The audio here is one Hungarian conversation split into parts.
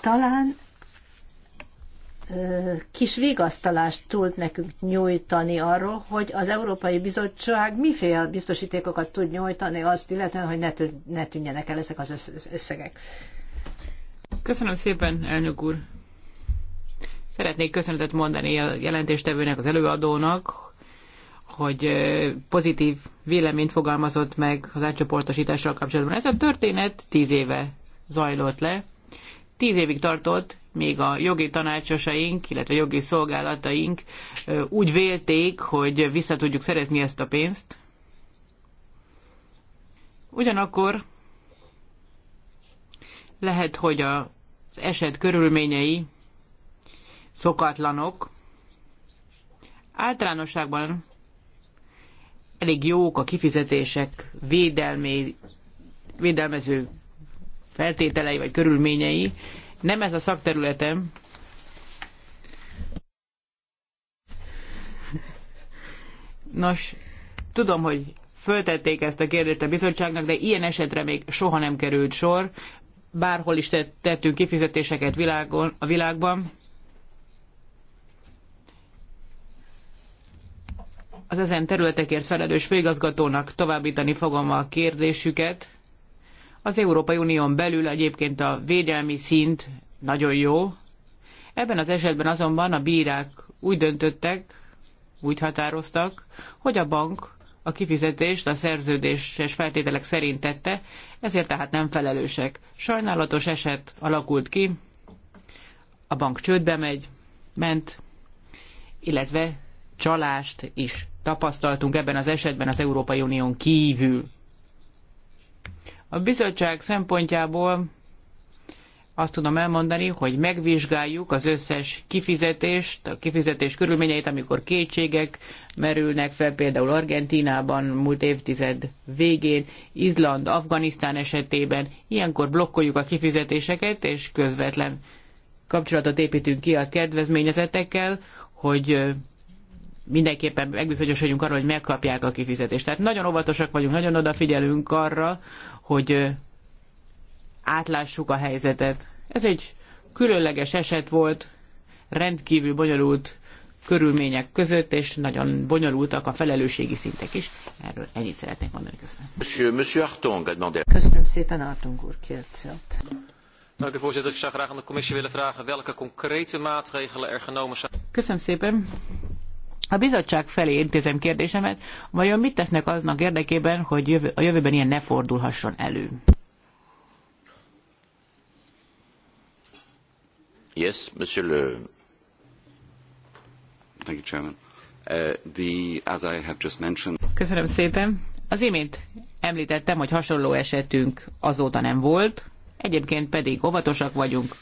talán kis vigasztalást tud nekünk nyújtani arról, hogy az Európai Bizottság miféle biztosítékokat tud nyújtani azt, illetően, hogy ne tűnjenek el ezek az összegek. Köszönöm szépen, elnök úr. Szeretnék köszönetet mondani a jelentéstevőnek, az előadónak, hogy pozitív véleményt fogalmazott meg az átcsoportosítással kapcsolatban. Ez a történet tíz éve zajlott le, Tíz évig tartott, még a jogi tanácsosaink, illetve jogi szolgálataink úgy vélték, hogy vissza tudjuk szerezni ezt a pénzt. Ugyanakkor lehet, hogy az eset körülményei szokatlanok. Általánosságban elég jók a kifizetések védelmé, védelmező feltételei vagy körülményei. Nem ez a szakterületem. Nos, tudom, hogy föltették ezt a kérdést a bizottságnak, de ilyen esetre még soha nem került sor. Bárhol is tettünk kifizetéseket világon, a világban. Az ezen területekért felelős főigazgatónak továbbítani fogom a kérdésüket az Európai Unión belül egyébként a védelmi szint nagyon jó. Ebben az esetben azonban a bírák úgy döntöttek, úgy határoztak, hogy a bank a kifizetést a szerződéses feltételek szerint tette, ezért tehát nem felelősek. Sajnálatos eset alakult ki, a bank csődbe megy, ment, illetve csalást is tapasztaltunk ebben az esetben az Európai Unión kívül. A bizottság szempontjából azt tudom elmondani, hogy megvizsgáljuk az összes kifizetést, a kifizetés körülményeit, amikor kétségek merülnek fel, például Argentínában múlt évtized végén, Izland, Afganisztán esetében. Ilyenkor blokkoljuk a kifizetéseket, és közvetlen kapcsolatot építünk ki a kedvezményezetekkel, hogy mindenképpen megbizonyosodjunk arról, hogy megkapják a kifizetést. Tehát nagyon óvatosak vagyunk, nagyon odafigyelünk arra, hogy átlássuk a helyzetet. Ez egy különleges eset volt, rendkívül bonyolult körülmények között, és nagyon bonyolultak a felelősségi szintek is. Erről ennyit szeretnék mondani. Köszönöm. Monsieur, Monsieur Artung, Köszönöm szépen, Artung úr, kérdezett. de er Köszönöm szépen. A bizottság felé intézem kérdésemet, vajon mit tesznek aznak érdekében, hogy a jövőben ilyen ne fordulhasson elő? Yes, Monsieur le... Thank you, Chairman. Uh, the, as I have just mentioned... Köszönöm szépen. Az imént említettem, hogy hasonló esetünk azóta nem volt, egyébként pedig óvatosak vagyunk,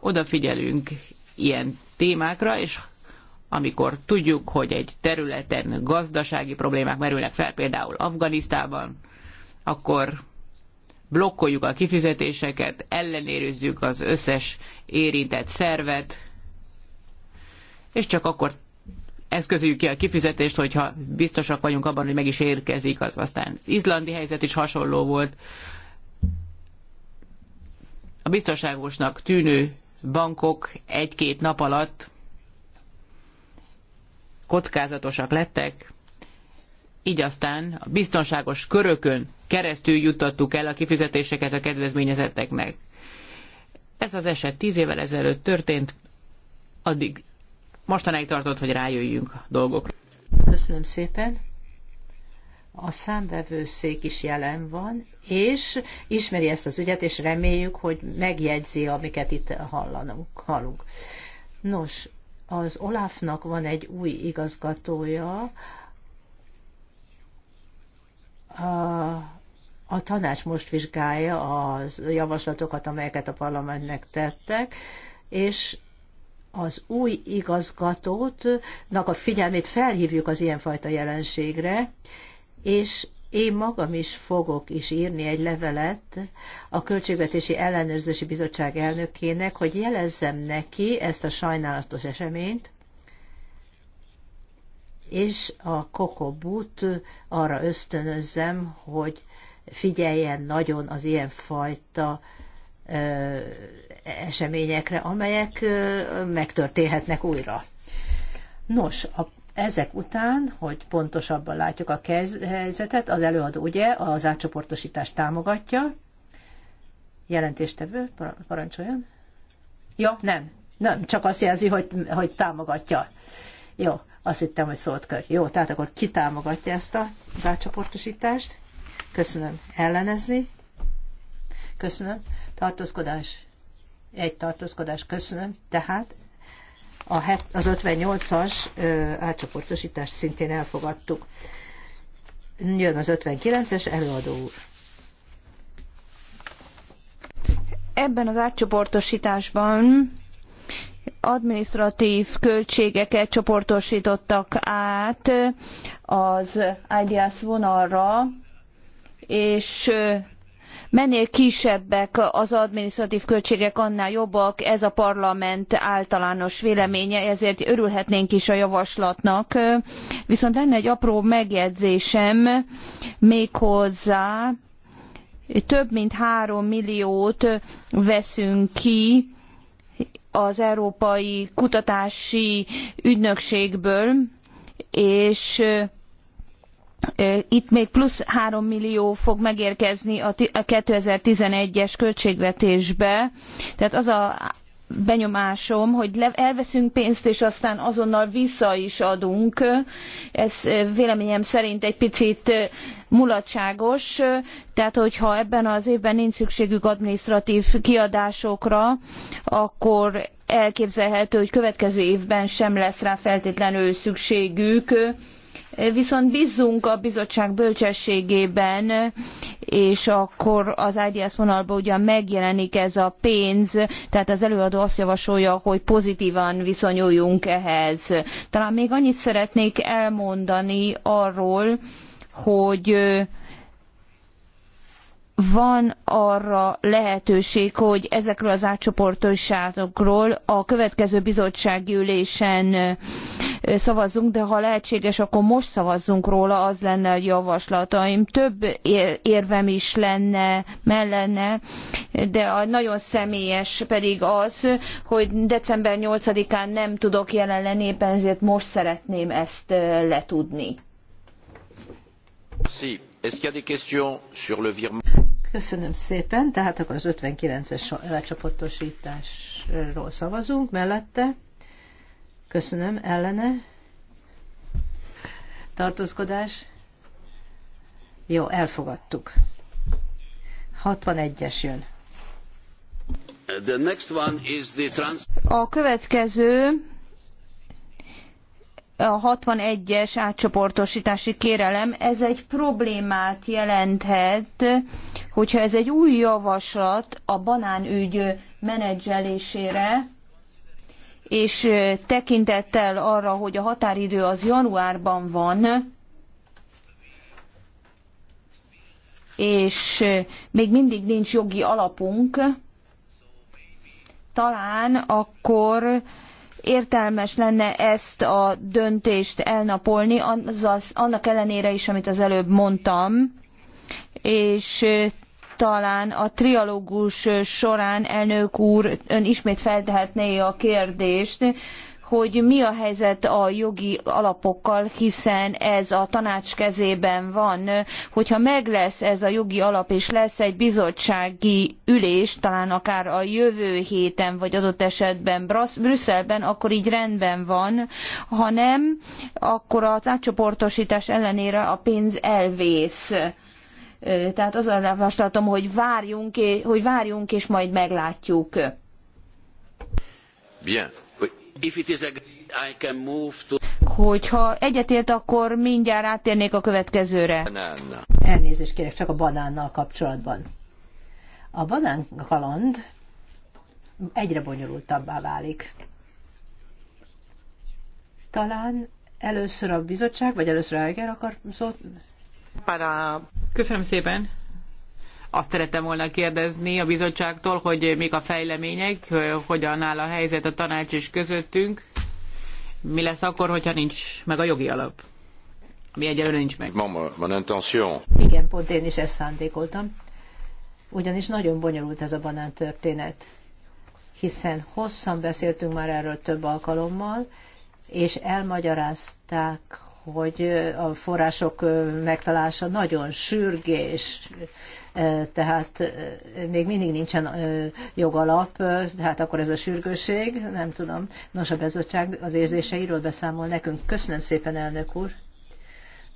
odafigyelünk ilyen témákra, és amikor tudjuk, hogy egy területen gazdasági problémák merülnek fel, például Afganisztában, akkor blokkoljuk a kifizetéseket, ellenérőzzük az összes érintett szervet, és csak akkor eszközöljük ki a kifizetést, hogyha biztosak vagyunk abban, hogy meg is érkezik az. Aztán az izlandi helyzet is hasonló volt. A biztonságosnak tűnő bankok egy-két nap alatt kockázatosak lettek, így aztán a biztonságos körökön keresztül juttattuk el a kifizetéseket a kedvezményezetteknek. Ez az eset tíz évvel ezelőtt történt, addig mostanáig tartott, hogy rájöjjünk a dolgokra. Köszönöm szépen. A számvevőszék is jelen van, és ismeri ezt az ügyet, és reméljük, hogy megjegyzi, amiket itt hallanunk, hallunk. Nos, az Olafnak van egy új igazgatója, a, a tanács most vizsgálja a javaslatokat, amelyeket a parlamentnek tettek, és az új igazgatótnak a figyelmét felhívjuk az ilyenfajta jelenségre, és én magam is fogok is írni egy levelet a Költségvetési Ellenőrzési Bizottság elnökének, hogy jelezzem neki ezt a sajnálatos eseményt, és a kokobút arra ösztönözzem, hogy figyeljen nagyon az ilyenfajta ö, eseményekre, amelyek ö, megtörténhetnek újra. Nos, a ezek után, hogy pontosabban látjuk a helyzetet, az előadó ugye az átcsoportosítást támogatja. Jelentéstevő, parancsoljon. Ja, nem, nem, csak azt jelzi, hogy, hogy támogatja. Jó, azt hittem, hogy szólt kör. Jó, tehát akkor ki támogatja ezt a zárcsoportosítást? Köszönöm. Ellenezni? Köszönöm. Tartózkodás? Egy tartózkodás. Köszönöm. Tehát az 58-as átcsoportosítást szintén elfogadtuk. Jön az 59-es előadó úr. Ebben az átcsoportosításban administratív költségeket csoportosítottak át az IDS vonalra, és Minél kisebbek az adminisztratv költségek, annál jobbak, ez a parlament általános véleménye, ezért örülhetnénk is a javaslatnak. Viszont lenne egy apró megjegyzésem, méghozzá több mint három milliót veszünk ki az Európai Kutatási Ügynökségből, és itt még plusz three millió fog megérkezni a 2011-es költségvetésbe, tehát az a benyomásom, hogy elveszünk pénzt, és aztán azonnal vissza is adunk. Ez véleményem szerint egy picit mulatságos, tehát hogyha ebben az évben nincs szükségük adminisztratv kiadásokra, akkor elképzelhető, hogy következő évben sem lesz rá feltétlenül szükségük viszont bízzunk a bizottság bölcsességében, és akkor az IDS vonalban ugyan megjelenik ez a pénz, tehát az előadó azt javasolja, hogy pozitívan viszonyuljunk ehhez. Talán még annyit szeretnék elmondani arról, hogy van arra lehetőség, hogy ezekről az átcsoportostásokról a következő bizottsági ülésen szavazzunk, de ha lehetséges, akkor most szavazzunk róla, az lenne a javaslataim. Több érvem is lenne, mellene, de a nagyon személyes pedig az, hogy december 8-án nem tudok jelen lenni, éppen ezért most szeretném ezt letudni. Merci. Est-ce qu'il y a des questions sur le virement Köszönöm szépen. Tehát akkor az 59-es lecsoportosításról szavazunk mellette. Köszönöm. Ellene. Tartózkodás. Jó, elfogadtuk. 61-es jön. The next one is the trans- a következő a 61-es átcsoportosítási kérelem, ez egy problémát jelenthet, hogyha ez egy új javaslat a banánügy menedzselésére, és tekintettel arra, hogy a határidő az januárban van, és még mindig nincs jogi alapunk, talán akkor értelmes lenne ezt a döntést elnapolni, azaz, annak ellenére is, amit az előbb mondtam, és talán a trialógus során elnök úr ön ismét feltehetné a kérdést, hogy mi a helyzet a jogi alapokkal, hiszen ez a tanács kezében van. Hogyha meg lesz ez a jogi alap, és lesz egy bizottsági ülés, talán akár a jövő héten, vagy adott esetben Brüsszelben, akkor így rendben van, ha nem, akkor az átcsoportosítás ellenére a pénz elvész. Tehát az a javaslatom, hogy várjunk, hogy várjunk, és majd meglátjuk. Bien. Hogyha egyetért, akkor mindjárt áttérnék a következőre. Elnézést kérek csak a banánnal kapcsolatban. A banán kaland egyre bonyolultabbá válik. Talán először a bizottság, vagy először Eiger akar szót? Köszönöm szépen. Azt szerettem volna kérdezni a bizottságtól, hogy mik a fejlemények, hogyan áll a helyzet a tanács és közöttünk, mi lesz akkor, hogyha nincs meg a jogi alap, ami egyelőre nincs meg. Mama, mon intention. Igen, pont én is ezt szándékoltam, ugyanis nagyon bonyolult ez a banán történet, hiszen hosszan beszéltünk már erről több alkalommal, és elmagyarázták, hogy a források megtalálása nagyon sürgés, tehát még mindig nincsen jogalap, tehát akkor ez a sürgőség, nem tudom. Nos, a bizottság az érzéseiről beszámol nekünk. Köszönöm szépen, elnök úr.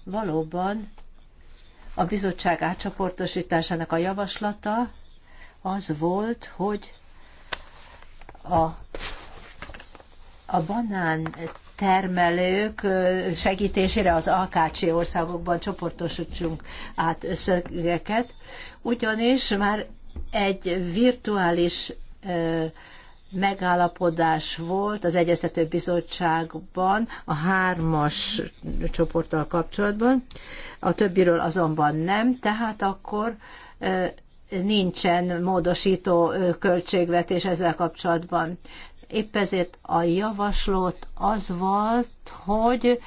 Valóban a bizottság átcsoportosításának a javaslata az volt, hogy a, a banán termelők segítésére az AKC országokban csoportosítsunk át összegeket, ugyanis már egy virtuális megállapodás volt az Egyeztető Bizottságban a hármas csoporttal kapcsolatban, a többiről azonban nem, tehát akkor nincsen módosító költségvetés ezzel kapcsolatban. Épp ezért a javaslót az volt, hogy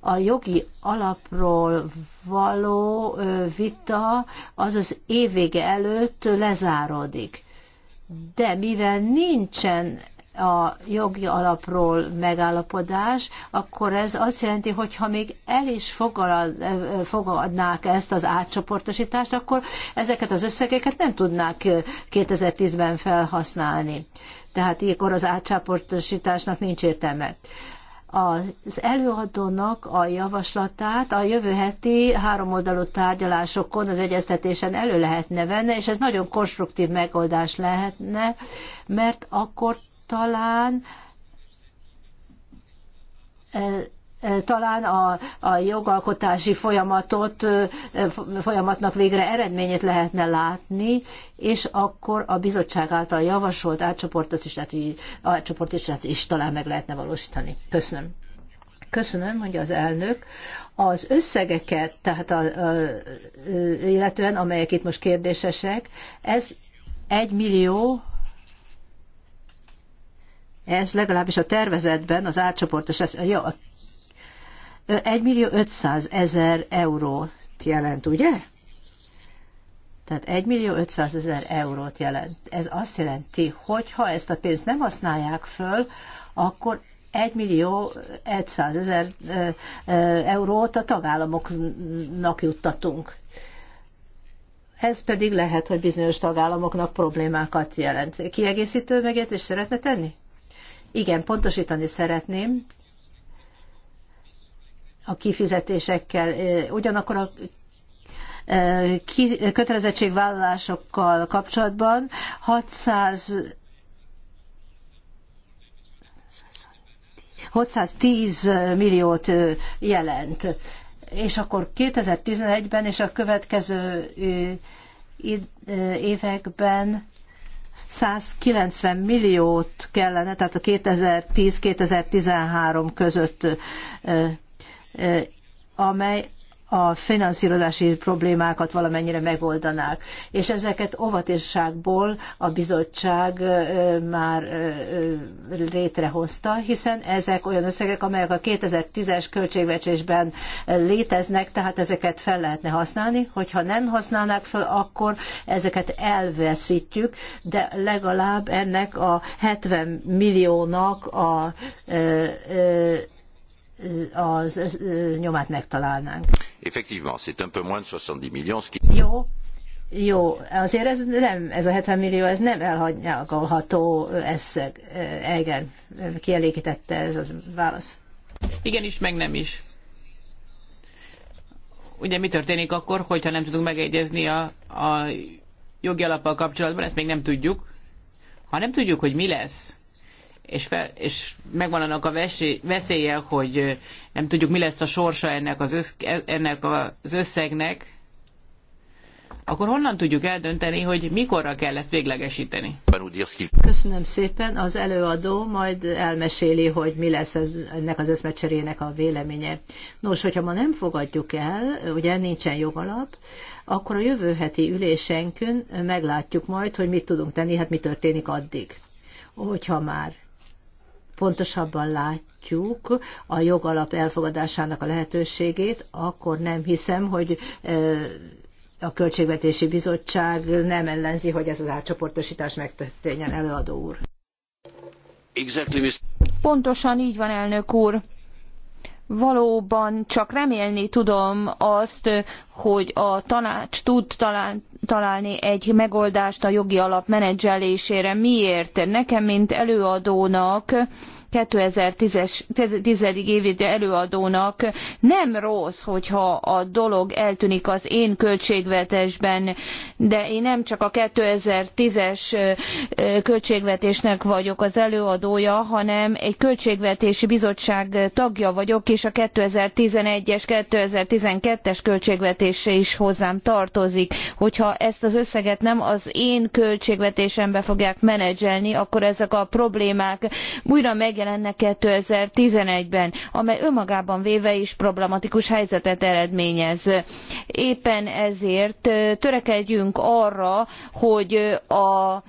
a jogi alapról való vita az az évvége előtt lezárodik, De mivel nincsen a jogi alapról megállapodás, akkor ez azt jelenti, hogy ha még el is fogadnák ezt az átcsoportosítást, akkor ezeket az összegeket nem tudnák 2010-ben felhasználni. Tehát ilyenkor az átcsoportosításnak nincs értelme az előadónak a javaslatát a jövő heti háromoldalú tárgyalásokon, az egyeztetésen elő lehetne venni, és ez nagyon konstruktív megoldás lehetne, mert akkor talán talán a, a jogalkotási folyamatot, folyamatnak végre eredményét lehetne látni, és akkor a bizottság által javasolt átcsoportot is, is talán meg lehetne valósítani. Köszönöm. Köszönöm, mondja az elnök az összegeket, tehát a, a, illetően amelyek itt most kérdésesek, ez 1 millió ez legalábbis a tervezetben az ez, jó, 1 millió 500 ezer eurót jelent, ugye? Tehát 1 millió 500 ezer eurót jelent. Ez azt jelenti, hogy ha ezt a pénzt nem használják föl, akkor 1 millió 100 ezer eurót a tagállamoknak juttatunk. Ez pedig lehet, hogy bizonyos tagállamoknak problémákat jelent. Kiegészítő megjegyzést szeretne tenni? Igen, pontosítani szeretném a kifizetésekkel. Ugyanakkor a kötelezettségvállalásokkal kapcsolatban 600 610 milliót jelent. És akkor 2011-ben és a következő években 190 milliót kellene, tehát a 2010-2013 között, amely a finanszírozási problémákat valamennyire megoldanák. És ezeket óvatosságból a bizottság már létrehozta, hiszen ezek olyan összegek, amelyek a 2010-es költségvetésben léteznek, tehát ezeket fel lehetne használni. Hogyha nem használnák fel, akkor ezeket elveszítjük, de legalább ennek a 70 milliónak a az nyomát megtalálnánk. Effectivement, c'est un peu moins de 70 millions. Jó, jó, azért ez nem, ez a 70 millió, ez nem elhagyagolható e, Igen, kielégítette ez a válasz. Igen is, meg nem is. Ugye mi történik akkor, hogyha nem tudunk megegyezni a, a jogi alappal kapcsolatban, ezt még nem tudjuk. Ha nem tudjuk, hogy mi lesz, és, fel, és megvan annak a veszélye, hogy nem tudjuk, mi lesz a sorsa ennek az, össz, e, ennek az összegnek, akkor honnan tudjuk eldönteni, hogy mikorra kell ezt véglegesíteni? Köszönöm szépen. Az előadó majd elmeséli, hogy mi lesz ez, ennek az összmecserének a véleménye. Nos, hogyha ma nem fogadjuk el, ugye nincsen jogalap, akkor a jövő heti ülésenkön meglátjuk majd, hogy mit tudunk tenni, hát mi történik addig. Hogyha már pontosabban látjuk a jogalap elfogadásának a lehetőségét, akkor nem hiszem, hogy a Költségvetési Bizottság nem ellenzi, hogy ez az átcsoportosítás megtörténjen, előadó úr. Exactly, Pontosan így van, elnök úr valóban csak remélni tudom azt, hogy a tanács tud talán találni egy megoldást a jogi alap menedzselésére. Miért? Nekem, mint előadónak 2010 es évvédő előadónak nem rossz, hogyha a dolog eltűnik az én költségvetésben, de én nem csak a 2010-es költségvetésnek vagyok az előadója, hanem egy költségvetési bizottság tagja vagyok, és a 2011-es, 2012-es költségvetése is hozzám tartozik. Hogyha ezt az összeget nem az én költségvetésembe fogják menedzselni, akkor ezek a problémák újra meg megjelenne 2011-ben, amely önmagában véve is problematikus helyzetet eredményez. Éppen ezért törekedjünk arra, hogy a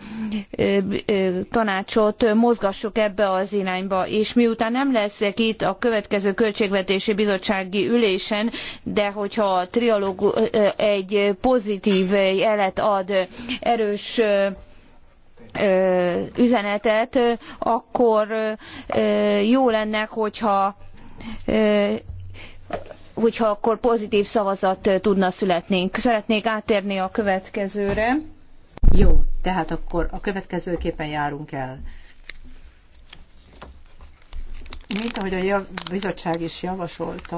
tanácsot mozgassuk ebbe az irányba, és miután nem leszek itt a következő költségvetési bizottsági ülésen, de hogyha a trialógus egy pozitív jelet ad erős üzenetet, akkor jó lenne, hogyha hogyha akkor pozitív szavazat tudna születni. Szeretnék átérni a következőre. Jó, tehát akkor a következőképpen járunk el. Mint ahogy a bizottság is javasolta,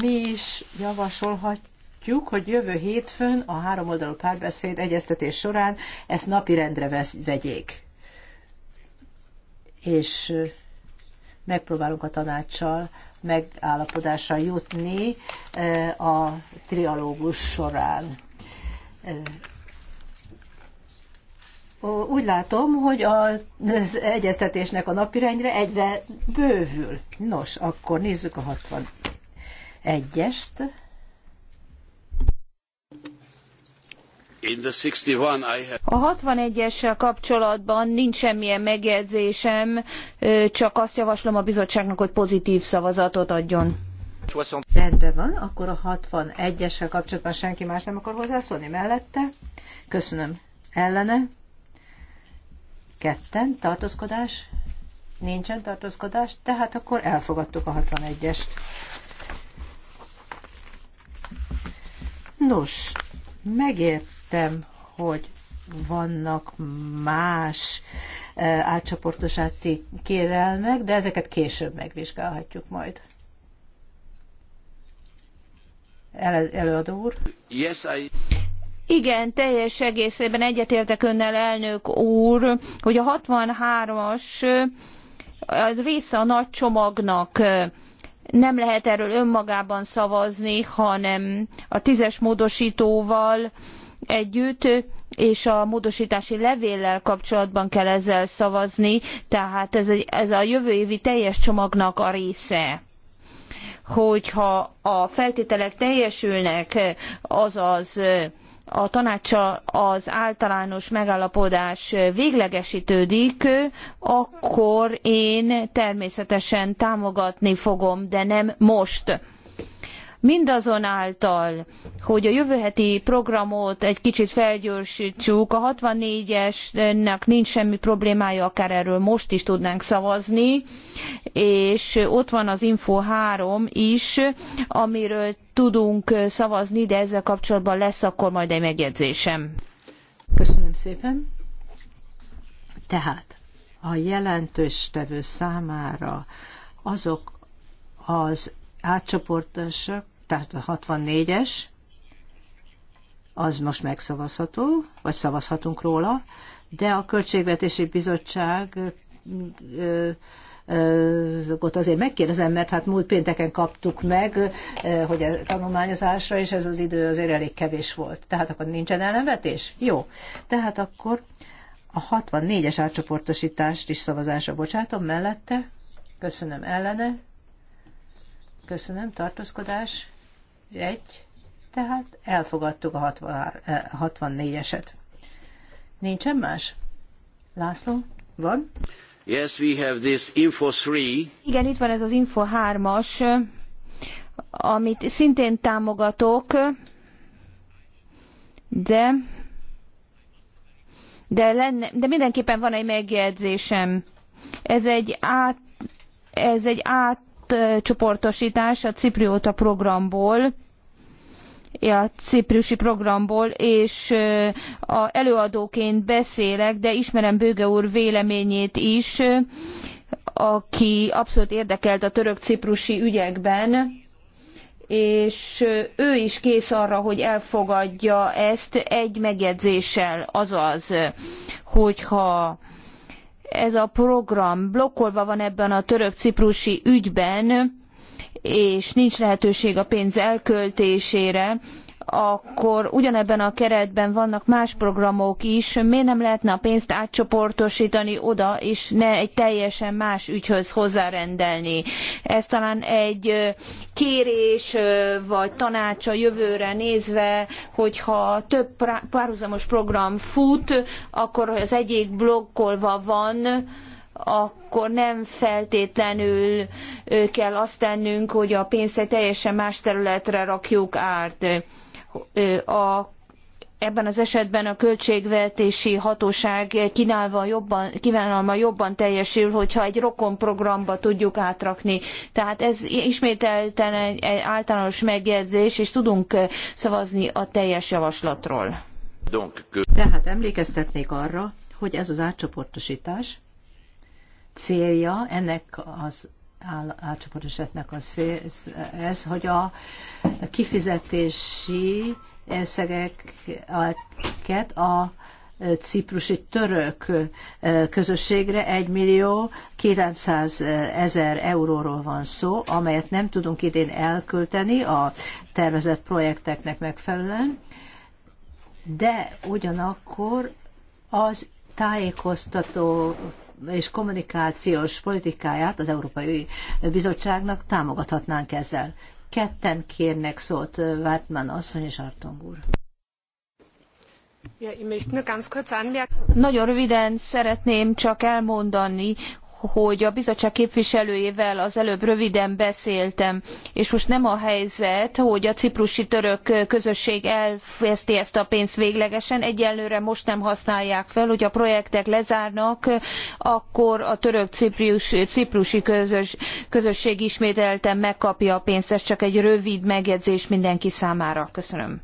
mi is javasolhat, látjuk, hogy jövő hétfőn a háromoldalú párbeszéd egyeztetés során ezt napirendre vegyék. És megpróbálunk a tanácssal megállapodásra jutni a trialógus során. Úgy látom, hogy az egyeztetésnek a napirendre egyre bővül. Nos, akkor nézzük a 61-est. A 61-essel kapcsolatban nincs semmilyen megjegyzésem, csak azt javaslom a bizottságnak, hogy pozitív szavazatot adjon. Rendben van, akkor a 61-essel kapcsolatban senki más nem akar hozzászólni mellette. Köszönöm. Ellene? Ketten, tartózkodás? Nincsen tartózkodás, tehát akkor elfogadtuk a 61-est. Nos, megért értem, hogy vannak más e, átcsoportosáti kérelmek, de ezeket később megvizsgálhatjuk majd. El, előadó úr? Yes, I... Igen, teljes egészében egyetértek önnel, elnök úr, hogy a 63-as e, része a nagy csomagnak e, nem lehet erről önmagában szavazni, hanem a tízes módosítóval együtt, és a módostási levéllel kapcsolatban kell ezzel szavazni, tehát ez, ez a jövő évi teljes csomagnak a része hogyha a feltételek teljesülnek, azaz a tanácsa az általános megállapodás véglegesítődik, akkor én természetesen támogatni fogom, de nem most Mindazonáltal, hogy a jövő heti programot egy kicsit felgyorstsuk a 64-esnek nincs semmi problémája, akár erről most is tudnánk szavazni, és ott van az Info 3 is, amiről tudunk szavazni, de ezzel kapcsolatban lesz akkor majd egy megjegyzésem. Köszönöm szépen. Tehát a jelentős tevő számára azok az átcsoportosok, tehát a 64-es, az most megszavazható, vagy szavazhatunk róla, de a Költségvetési Bizottság ott azért megkérdezem, mert hát múlt pénteken kaptuk meg, hogy a tanulmányozásra, és ez az idő azért elég kevés volt. Tehát akkor nincsen ellenvetés? Jó. Tehát akkor a 64-es átcsoportosítást is szavazásra bocsátom mellette. Köszönöm ellene. Köszönöm, tartózkodás egy, tehát elfogadtuk a 64-eset. Eh, Nincsen más? László, van? Yes, we have this Info 3. Igen, itt van ez az Info 3-as, amit szintén támogatok, de de, lenne, de mindenképpen van egy megjegyzésem. Ez egy át, ez egy át átcsoportosítás a Cipriota programból, a ciprusi programból, és a előadóként beszélek, de ismerem Bőge úr véleményét is, aki abszolút érdekelt a török-ciprusi ügyekben és ő is kész arra, hogy elfogadja ezt egy megjegyzéssel, azaz, hogyha ez a program blokkolva van ebben a török-ciprusi ügyben, és nincs lehetőség a pénz elköltésére, akkor ugyanebben a keretben vannak más programok is, miért nem lehetne a pénzt átcsoportosítani oda, és ne egy teljesen más ügyhöz hozzárendelni. Ez talán egy kérés vagy tanács a jövőre nézve, hogyha több párhuzamos program fut, akkor az egyik blokkolva van, akkor nem feltétlenül kell azt tennünk, hogy a pénzt egy teljesen más területre rakjuk át a ebben az esetben a költségvetési hatóság kínálva jobban, kívánalma jobban teljesül, hogyha egy rokon programba tudjuk átrakni. Tehát ez ismételten egy, általános megjegyzés, és tudunk szavazni a teljes javaslatról. Tehát emlékeztetnék arra, hogy ez az átcsoportosítás célja ennek az átcsoportosításnak az ez, hogy a kifizetési összegeket a ciprusi török közösségre 1 millió 900 ezer euróról van szó, amelyet nem tudunk idén elkölteni a tervezett projekteknek megfelelően, de ugyanakkor az tájékoztató és kommunikációs politikáját az Európai Bizottságnak támogathatnánk ezzel. Ketten kérnek szót Vártman asszony és Artong úr. Nagyon röviden szeretném csak elmondani, hogy a bizottság képviselőjével az előbb röviden beszéltem, és most nem a helyzet, hogy a ciprusi török közösség elveszti ezt a pénzt véglegesen, egyelőre most nem használják fel, hogy a projektek lezárnak, akkor a török ciprusi közös, közösség ismételten megkapja a pénzt. Ez csak egy rövid megjegyzés mindenki számára. Köszönöm.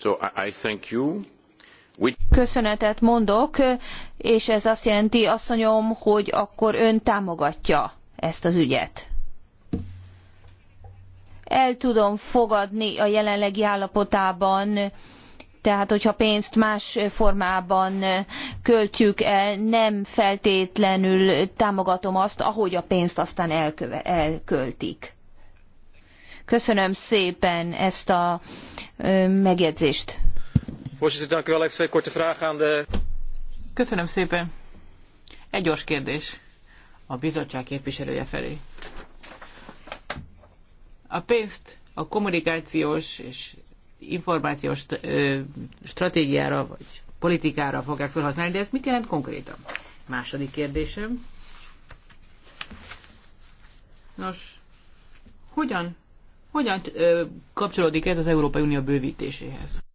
So I thank you. Köszönetet mondok, és ez azt jelenti, asszonyom, hogy akkor ön támogatja ezt az ügyet. El tudom fogadni a jelenlegi állapotában tehát hogyha pénzt más formában költjük el, nem feltétlenül támogatom azt, ahogy a pénzt aztán elköve, elköltik. Köszönöm szépen ezt a megjegyzést. Voorzitter, dank u wel. Even twee korte vragen aan de... Köszönöm szépen. Egy gyors kérdés a bizottság képviselője felé. A pénzt a kommunikációs és információs stratégiára vagy politikára fogják felhasználni, de ez mit jelent konkrétan? Második kérdésem. Nos, hogyan, hogyan kapcsolódik ez az Európai Unió bővítéséhez?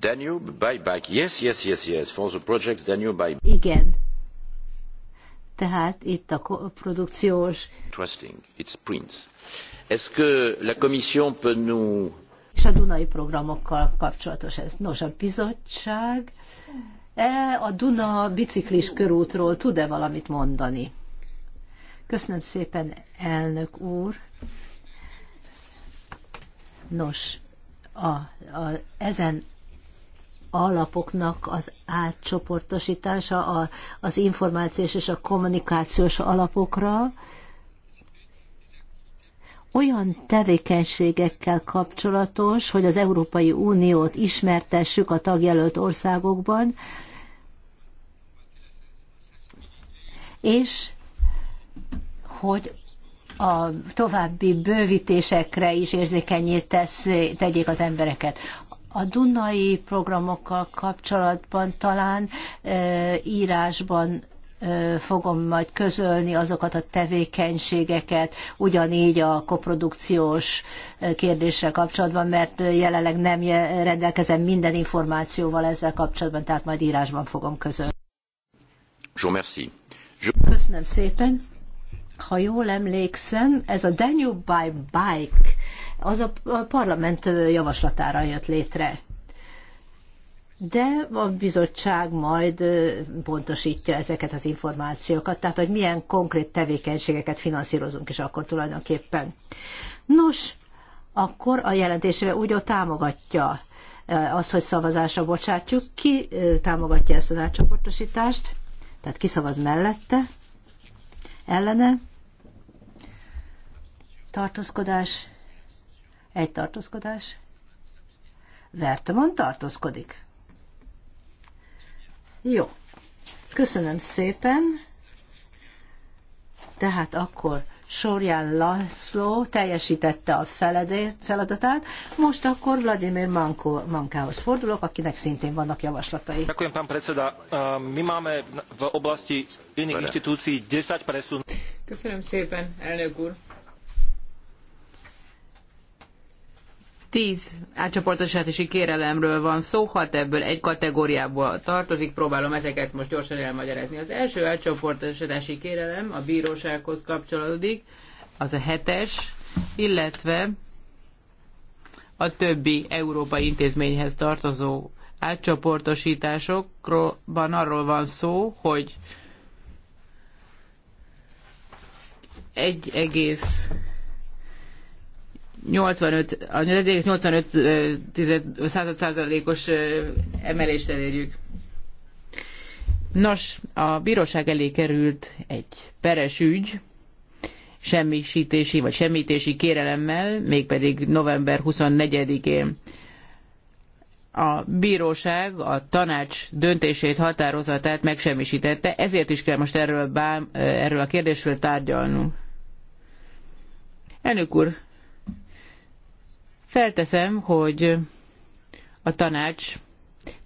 Danube buyback. Yes, yes, yes, yes, for the project Danube buyback. Igen. Tehát itt a produkciós. Interesting. It's Prince. Est-ce que la Commission peut nous... És a Dunai programokkal kapcsolatos ez. Nos, a bizottság e, a Duna biciklis körútról tud-e valamit mondani? Köszönöm szépen, elnök úr. Nos, a, a, ezen alapoknak az átcsoportosítása az információs és a kommunikációs alapokra, olyan tevékenységekkel kapcsolatos, hogy az Európai Uniót ismertessük a tagjelölt országokban, és hogy a további bővítésekre is érzékenyé tesz, tegyék az embereket a Dunai programokkal kapcsolatban talán írásban fogom majd közölni azokat a tevékenységeket, ugyanígy a koprodukciós kérdésre kapcsolatban, mert jelenleg nem rendelkezem minden információval ezzel kapcsolatban, tehát majd írásban fogom közölni. Köszönöm szépen ha jól emlékszem, ez a Danube by Bike, az a parlament javaslatára jött létre. De a bizottság majd pontosítja ezeket az információkat, tehát hogy milyen konkrét tevékenységeket finanszírozunk is akkor tulajdonképpen. Nos, akkor a jelentésével úgy támogatja az, hogy szavazásra bocsátjuk. Ki támogatja ezt az átcsoportosítást? Tehát ki szavaz mellette? Ellene? tartózkodás, egy tartózkodás, Vertemon tartózkodik. Jó, köszönöm szépen. Tehát akkor Sorján László teljesítette a feladatát, most akkor Vladimir Manko, Mankához fordulok, akinek szintén vannak javaslatai. Köszönöm, pán predseda. Mi máme v oblasti iných 10 presun. Köszönöm szépen, elnök úr. Tíz átcsoportosítási kérelemről van szó, hat ebből egy kategóriába tartozik, próbálom ezeket most gyorsan elmagyarázni. Az első átcsoportosítási kérelem a bírósághoz kapcsolódik, az a hetes, illetve a többi európai intézményhez tartozó átcsoportosításokban arról van szó, hogy egész 85, a 85 százalékos emelést elérjük. Nos, a bíróság elé került egy peres ügy, semmisítési vagy semmítési kérelemmel, mégpedig november 24-én. A bíróság a tanács döntését, határozatát megsemmisítette, ezért is kell most erről, bám, erről a kérdésről tárgyalnunk. Elnök úr, Felteszem, hogy a tanács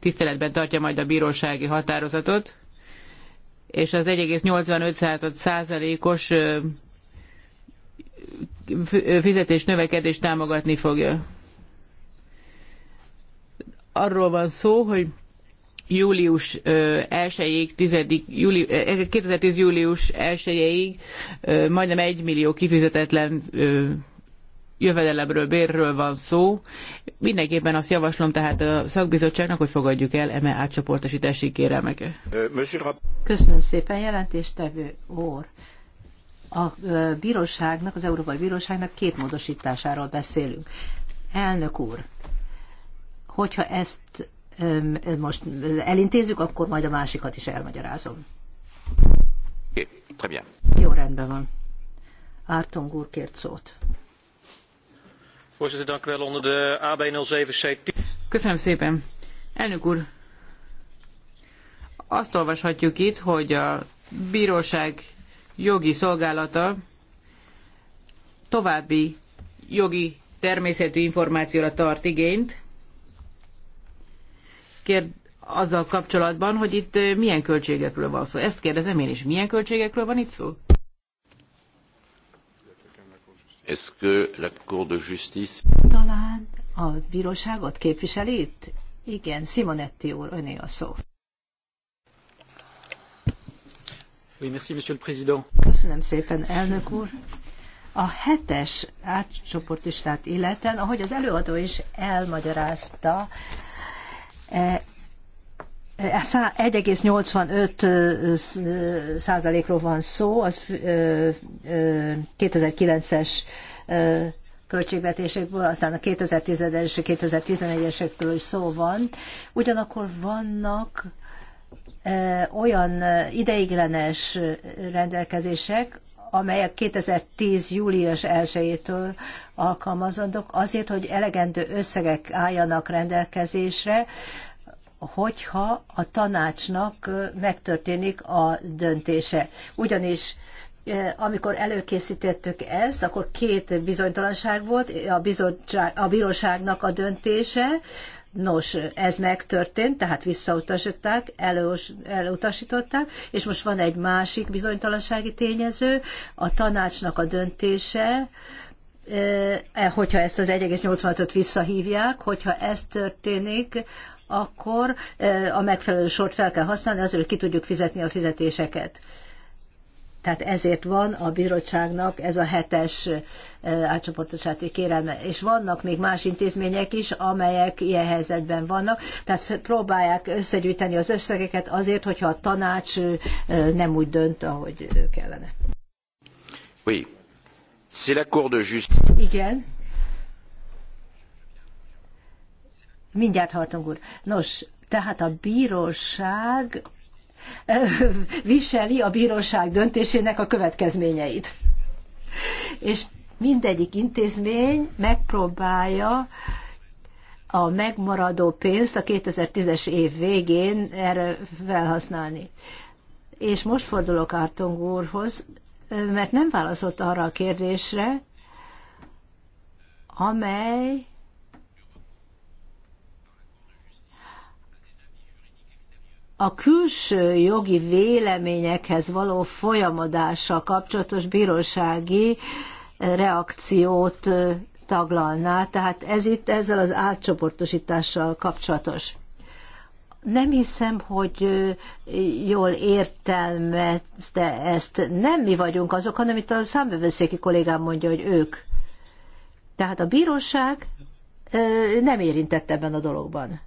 tiszteletben tartja majd a bírósági határozatot, és az 1,85 százalékos fizetés növekedést támogatni fogja. Arról van szó, hogy július 1-ig, 10 júli, 2010. július 1-ig majdnem 1 millió kifizetetlen jövedelemről, bérről van szó. Mindenképpen azt javaslom tehát a szakbizottságnak, hogy fogadjuk el eme átcsoportosítási kérelmeket. Köszönöm szépen, jelentéstevő úr. A bíróságnak, az Európai Bíróságnak két módosításáról beszélünk. Elnök úr, hogyha ezt most elintézzük, akkor majd a másikat is elmagyarázom. Jó, rendben van. Ártong úr kért szót. Voorzitter, dank u wel. Onder de ab c Köszönöm szépen. Elnök úr, azt olvashatjuk itt, hogy a bíróság jogi szolgálata további jogi természetű információra tart igényt. Kérd azzal kapcsolatban, hogy itt eh, milyen költségekről van szó. Ezt kérdezem én is. Milyen költségekről van itt szó? Est-ce que la Cour de justice... Talán a bíróságot képviseli itt? Igen, Simonetti úr, öné a szó. Oui, merci, monsieur le président. Köszönöm szépen, elnök úr. A hetes átcsoportistát illeten, ahogy az előadó is elmagyarázta, e, 1,85 százalékról van szó, az 2009-es költségvetésekből, aztán a 2010-es, 2011 esekből is szó van. Ugyanakkor vannak olyan ideiglenes rendelkezések, amelyek 2010. július 1-től alkalmazandók, azért, hogy elegendő összegek álljanak rendelkezésre hogyha a tanácsnak megtörténik a döntése. Ugyanis amikor előkészítettük ezt, akkor két bizonytalanság volt, a, a bíróságnak a döntése, Nos, ez megtörtént, tehát visszautasították, elutasították, és most van egy másik bizonytalansági tényező, a tanácsnak a döntése, e, hogyha ezt az 1,85-öt visszahívják, hogyha ez történik, akkor a megfelelő sort fel kell használni, azért, hogy ki tudjuk fizetni a fizetéseket. Tehát ezért van a bíróságnak ez a hetes átcsoportosáti kérelme. És vannak még más intézmények is, amelyek ilyen helyzetben vannak. Tehát próbálják összegyűjteni az összegeket azért, hogyha a tanács nem úgy dönt, ahogy kellene. Oui. C'est la Cour de justice. Igen Mindjárt hartunk úr. Nos, tehát a bíróság viseli a bíróság döntésének a következményeit. És mindegyik intézmény megpróbálja a megmaradó pénzt a 2010-es év végén erre felhasználni. És most fordulok Ártong úrhoz, mert nem válaszolt arra a kérdésre, amely a külső jogi véleményekhez való folyamodással kapcsolatos bírósági eh, reakciót eh, taglalná, tehát ez itt ezzel az átcsoportosítással kapcsolatos. Nem hiszem, hogy eh, jól értelmezte ezt. Nem mi vagyunk azok, hanem itt a számbevőszéki kollégám mondja, hogy ők. Tehát a bíróság nem érintett ebben a dologban.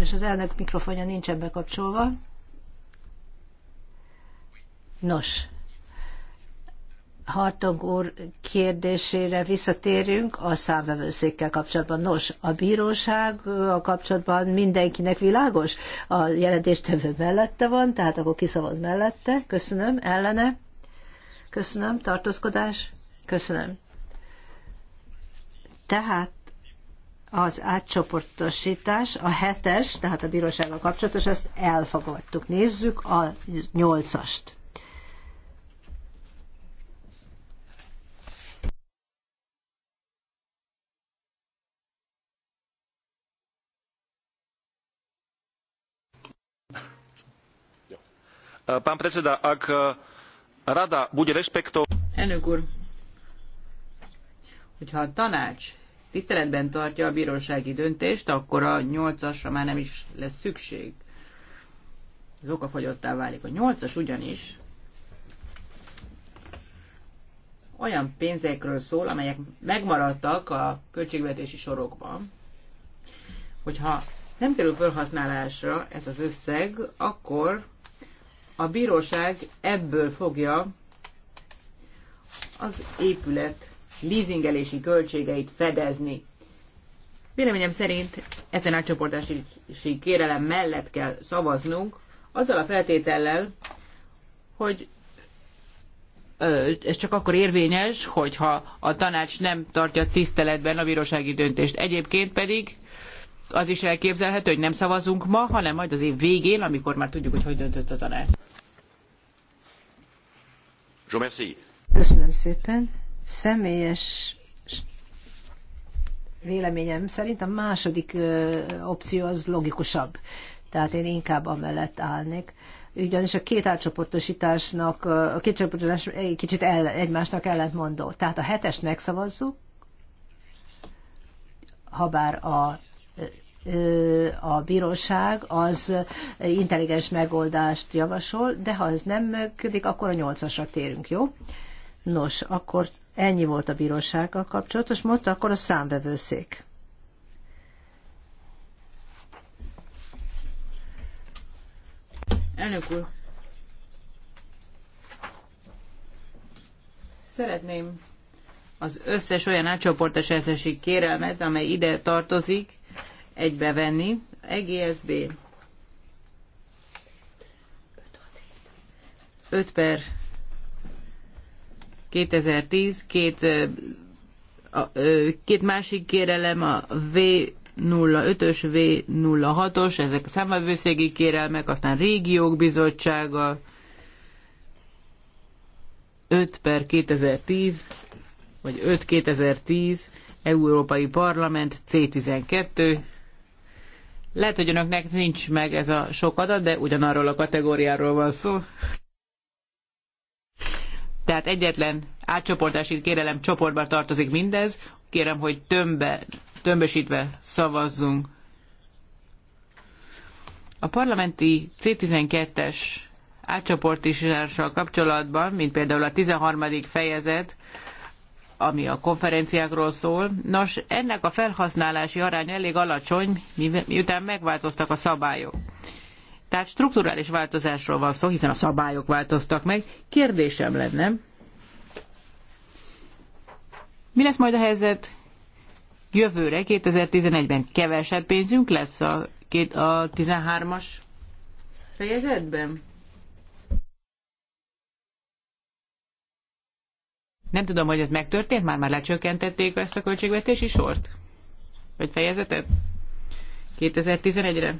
Sajnos az elnök mikrofonja nincsen bekapcsolva. Nos, Hartong úr kérdésére visszatérünk a számvevőszékkel kapcsolatban. Nos, a bíróság a kapcsolatban mindenkinek világos? A jelentéstevő mellette van, tehát akkor kiszavaz mellette. Köszönöm. Ellene? Köszönöm. Tartózkodás? Köszönöm. Tehát az átcsoportosítás, a hetes, tehát a bírósággal kapcsolatos, ezt elfogadtuk. Nézzük a nyolcast. Pán predseda, ak eh, rada bude rešpektovať... Elnök úr, hogyha a tanács tiszteletben tartja a bírósági döntést, akkor a nyolcasra már nem is lesz szükség. Az okafogyottá válik. A nyolcas, ugyanis olyan pénzekről szól, amelyek megmaradtak a költségvetési sorokban, hogyha nem kerül felhasználásra ez az összeg, akkor a bíróság ebből fogja az épület leasingelési költségeit fedezni. Véleményem szerint ezen átcsoportosítási kérelem mellett kell szavaznunk, azzal a feltétellel, hogy ez csak akkor érvényes, hogyha a tanács nem tartja tiszteletben a bírósági döntést. Egyébként pedig az is elképzelhető, hogy nem szavazunk ma, hanem majd az év végén, amikor már tudjuk, hogy hogy döntött a tanács. Köszönöm szépen. Személyes véleményem szerint a második opció az logikusabb. Tehát én inkább amellett állnék. Ugyanis a két átcsoportosításnak, a két csoportosítás egy kicsit el, egymásnak ellentmondó. Tehát a hetest megszavazzuk, habár a a bíróság az intelligens megoldást javasol, de ha ez nem működik, akkor a nyolcasra térünk, jó? Nos, akkor Ennyi volt a bírósággal kapcsolatos, mondta akkor a számbevőszék. Elnök úr, szeretném az összes olyan átcsoportesetesi kérelmet, amely ide tartozik, egybevenni. EGSB 5 per 2010, két, a, két másik kérelem a V 05-ös, V06-os, ezek a számvevőszégi kérelmek, aztán régiók bizottsága, 5 per 2010, vagy 5 2010, Európai Parlament C12. Lehet, hogy önöknek nincs meg ez a sok adat, de ugyanarról a kategóriáról van szó. Tehát egyetlen átcsoportásít kérelem csoportba tartozik mindez. Kérem, hogy tömbe tömbösítve szavazzunk. A parlamenti C12-es átcsoportisítással kapcsolatban, mint például a 13. fejezet, ami a konferenciákról szól. Nos, ennek a felhasználási aránya elég alacsony, miután megváltoztak a szabályok. Tehát strukturális változásról van szó, hiszen a szabályok változtak meg. Kérdésem lenne, mi lesz majd a helyzet jövőre, 2011-ben? Kevesebb pénzünk lesz a, két, a 13-as fejezetben? Nem tudom, hogy ez megtörtént, már már lecsökkentették ezt a költségvetési sort? Vagy fejezetet? 2011-re?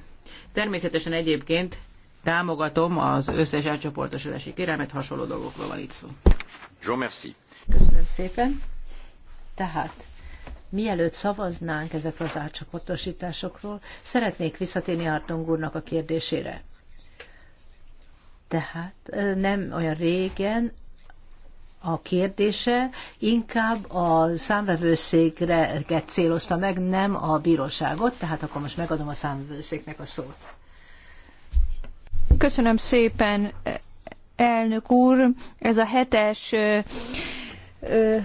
Természetesen egyébként támogatom az összes átcsoportosulási kérelmet, hasonló dolgokról van itt szó. Jó, merci. Köszönöm szépen. Tehát mielőtt szavaznánk ezekről az átcsoportosításokról, szeretnék visszatérni Artong úrnak a kérdésére. Tehát nem olyan régen a kérdése inkább a számvevőszékre célozta meg, nem a bíróságot, tehát akkor most megadom a számvevőszéknek a szót. Köszönöm szépen, elnök úr. Ez a hetes ö, ö,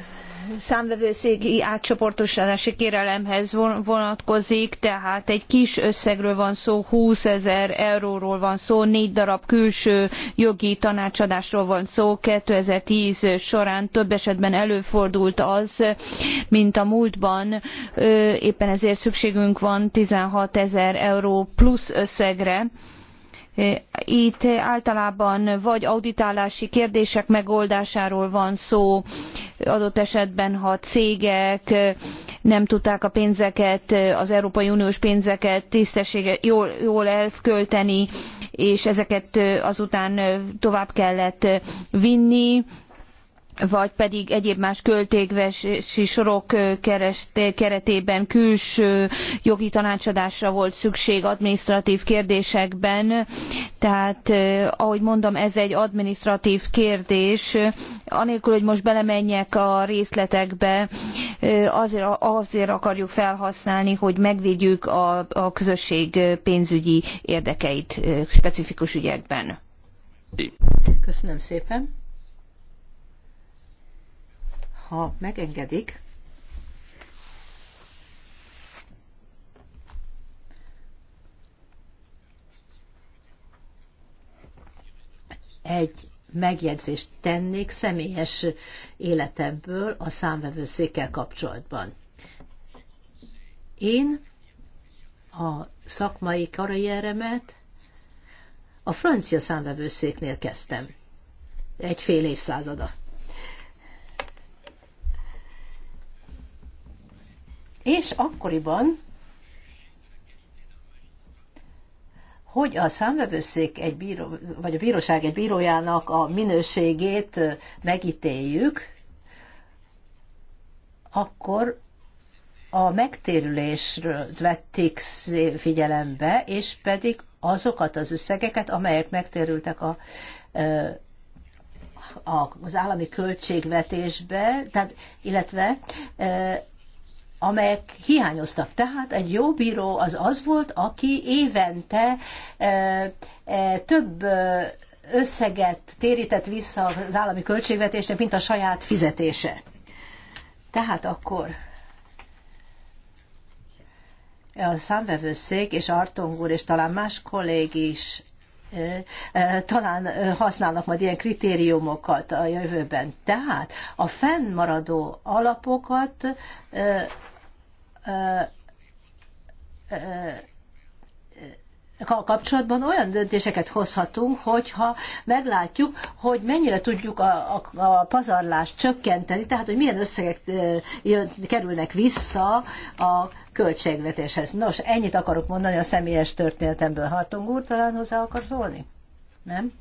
számvevőszégi átcsoportosítási kérelemhez vonatkozik, tehát egy kis összegről van szó, 20 ezer euróról van szó, négy darab külső jogi tanácsadásról van szó. 2010 során több esetben előfordult az, mint a múltban, éppen ezért szükségünk van 16 ezer euró plusz összegre, itt általában vagy auditálási kérdések megoldásáról van szó, adott esetben, ha cégek nem tudták a pénzeket, az Európai Uniós pénzeket tisztessége jól, jól elkölteni, és ezeket azután tovább kellett vinni, vagy pedig egyéb más költségvetési sorok keretében külső jogi tanácsadásra volt szükség adminisztratív kérdésekben. Tehát, ahogy mondom, ez egy adminisztratív kérdés. Anélkül, hogy most belemenjek a részletekbe, azért, azért akarjuk felhasználni, hogy megvédjük a, a közösség pénzügyi érdekeit specifikus ügyekben. Köszönöm szépen ha megengedik, egy megjegyzést tennék személyes életemből a számvevőszékkel kapcsolatban. Én a szakmai karrieremet a francia számvevőszéknél kezdtem. Egy fél évszázada. És akkoriban, hogy a számvevőszék egy bíró, vagy a bíróság egy bírójának a minőségét megítéljük, akkor a megtérülésről vették figyelembe, és pedig azokat az összegeket, amelyek megtérültek a, a, az állami költségvetésbe, tehát, illetve amelyek hiányoztak. Tehát egy jó bíró az az volt, aki évente e, e, több e, összeget térített vissza az állami költségvetésnek, mint a saját fizetése. Tehát akkor a számvevőszék és Artong úr és talán más kollég is talán használnak majd ilyen kritériumokat a jövőben. Tehát a fennmaradó alapokat kapcsolatban olyan döntéseket hozhatunk, hogyha meglátjuk, hogy mennyire tudjuk a, a, a pazarlást csökkenteni, tehát hogy milyen összegek jön, kerülnek vissza a költségvetéshez. Nos, ennyit akarok mondani a személyes történetemből. Hartong úr talán hozzá akar szólni? Nem?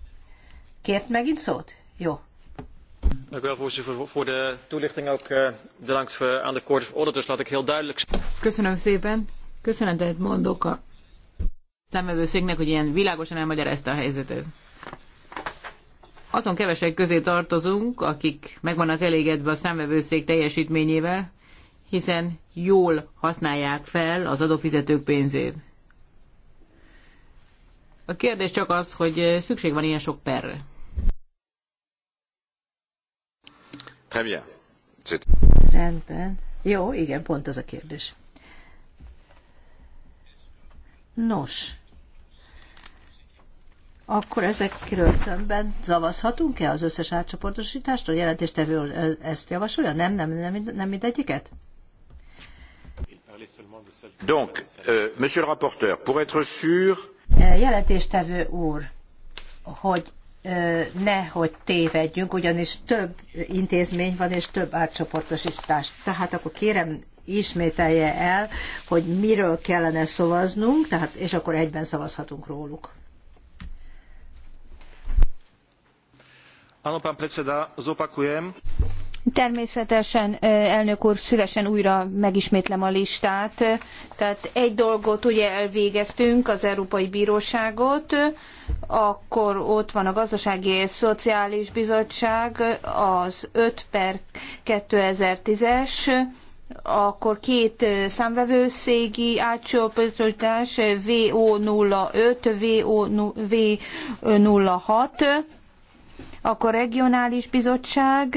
Kért megint szót? Jó. Köszönöm szépen. Köszönetet mondok a számövőszéknek, hogy ilyen világosan elmagyarázta a helyzetet. Azon kevesek közé tartozunk, akik meg vannak elégedve a szemvevőszék teljesítményével, hiszen jól használják fel az adófizetők pénzét. A kérdés csak az, hogy szükség van ilyen sok perre. Rendben. Jó, igen, pont ez a kérdés. Nos, akkor ezekről többen szavazhatunk-e az összes átcsoportosítást? A jelentéstevő ezt javasolja? Nem, nem, nem, nem mindegyiket? Donc, euh, monsieur le rapporteur, pour être sûr... Jelentéstevő úr, hogy ne, hogy tévedjünk, ugyanis több intézmény van, és több átcsoportosítás. Tehát akkor kérem, ismételje el, hogy miről kellene szavaznunk, tehát, és akkor egyben szavazhatunk róluk. Természetesen, elnök úr, szívesen újra megismétlem a listát. Tehát egy dolgot ugye elvégeztünk, az Európai Bíróságot, akkor ott van a Gazdasági és Szociális Bizottság, az 5 per ten es akkor két számvevőszégi átcsoportosítás VO05, VO06, akkor regionális bizottság,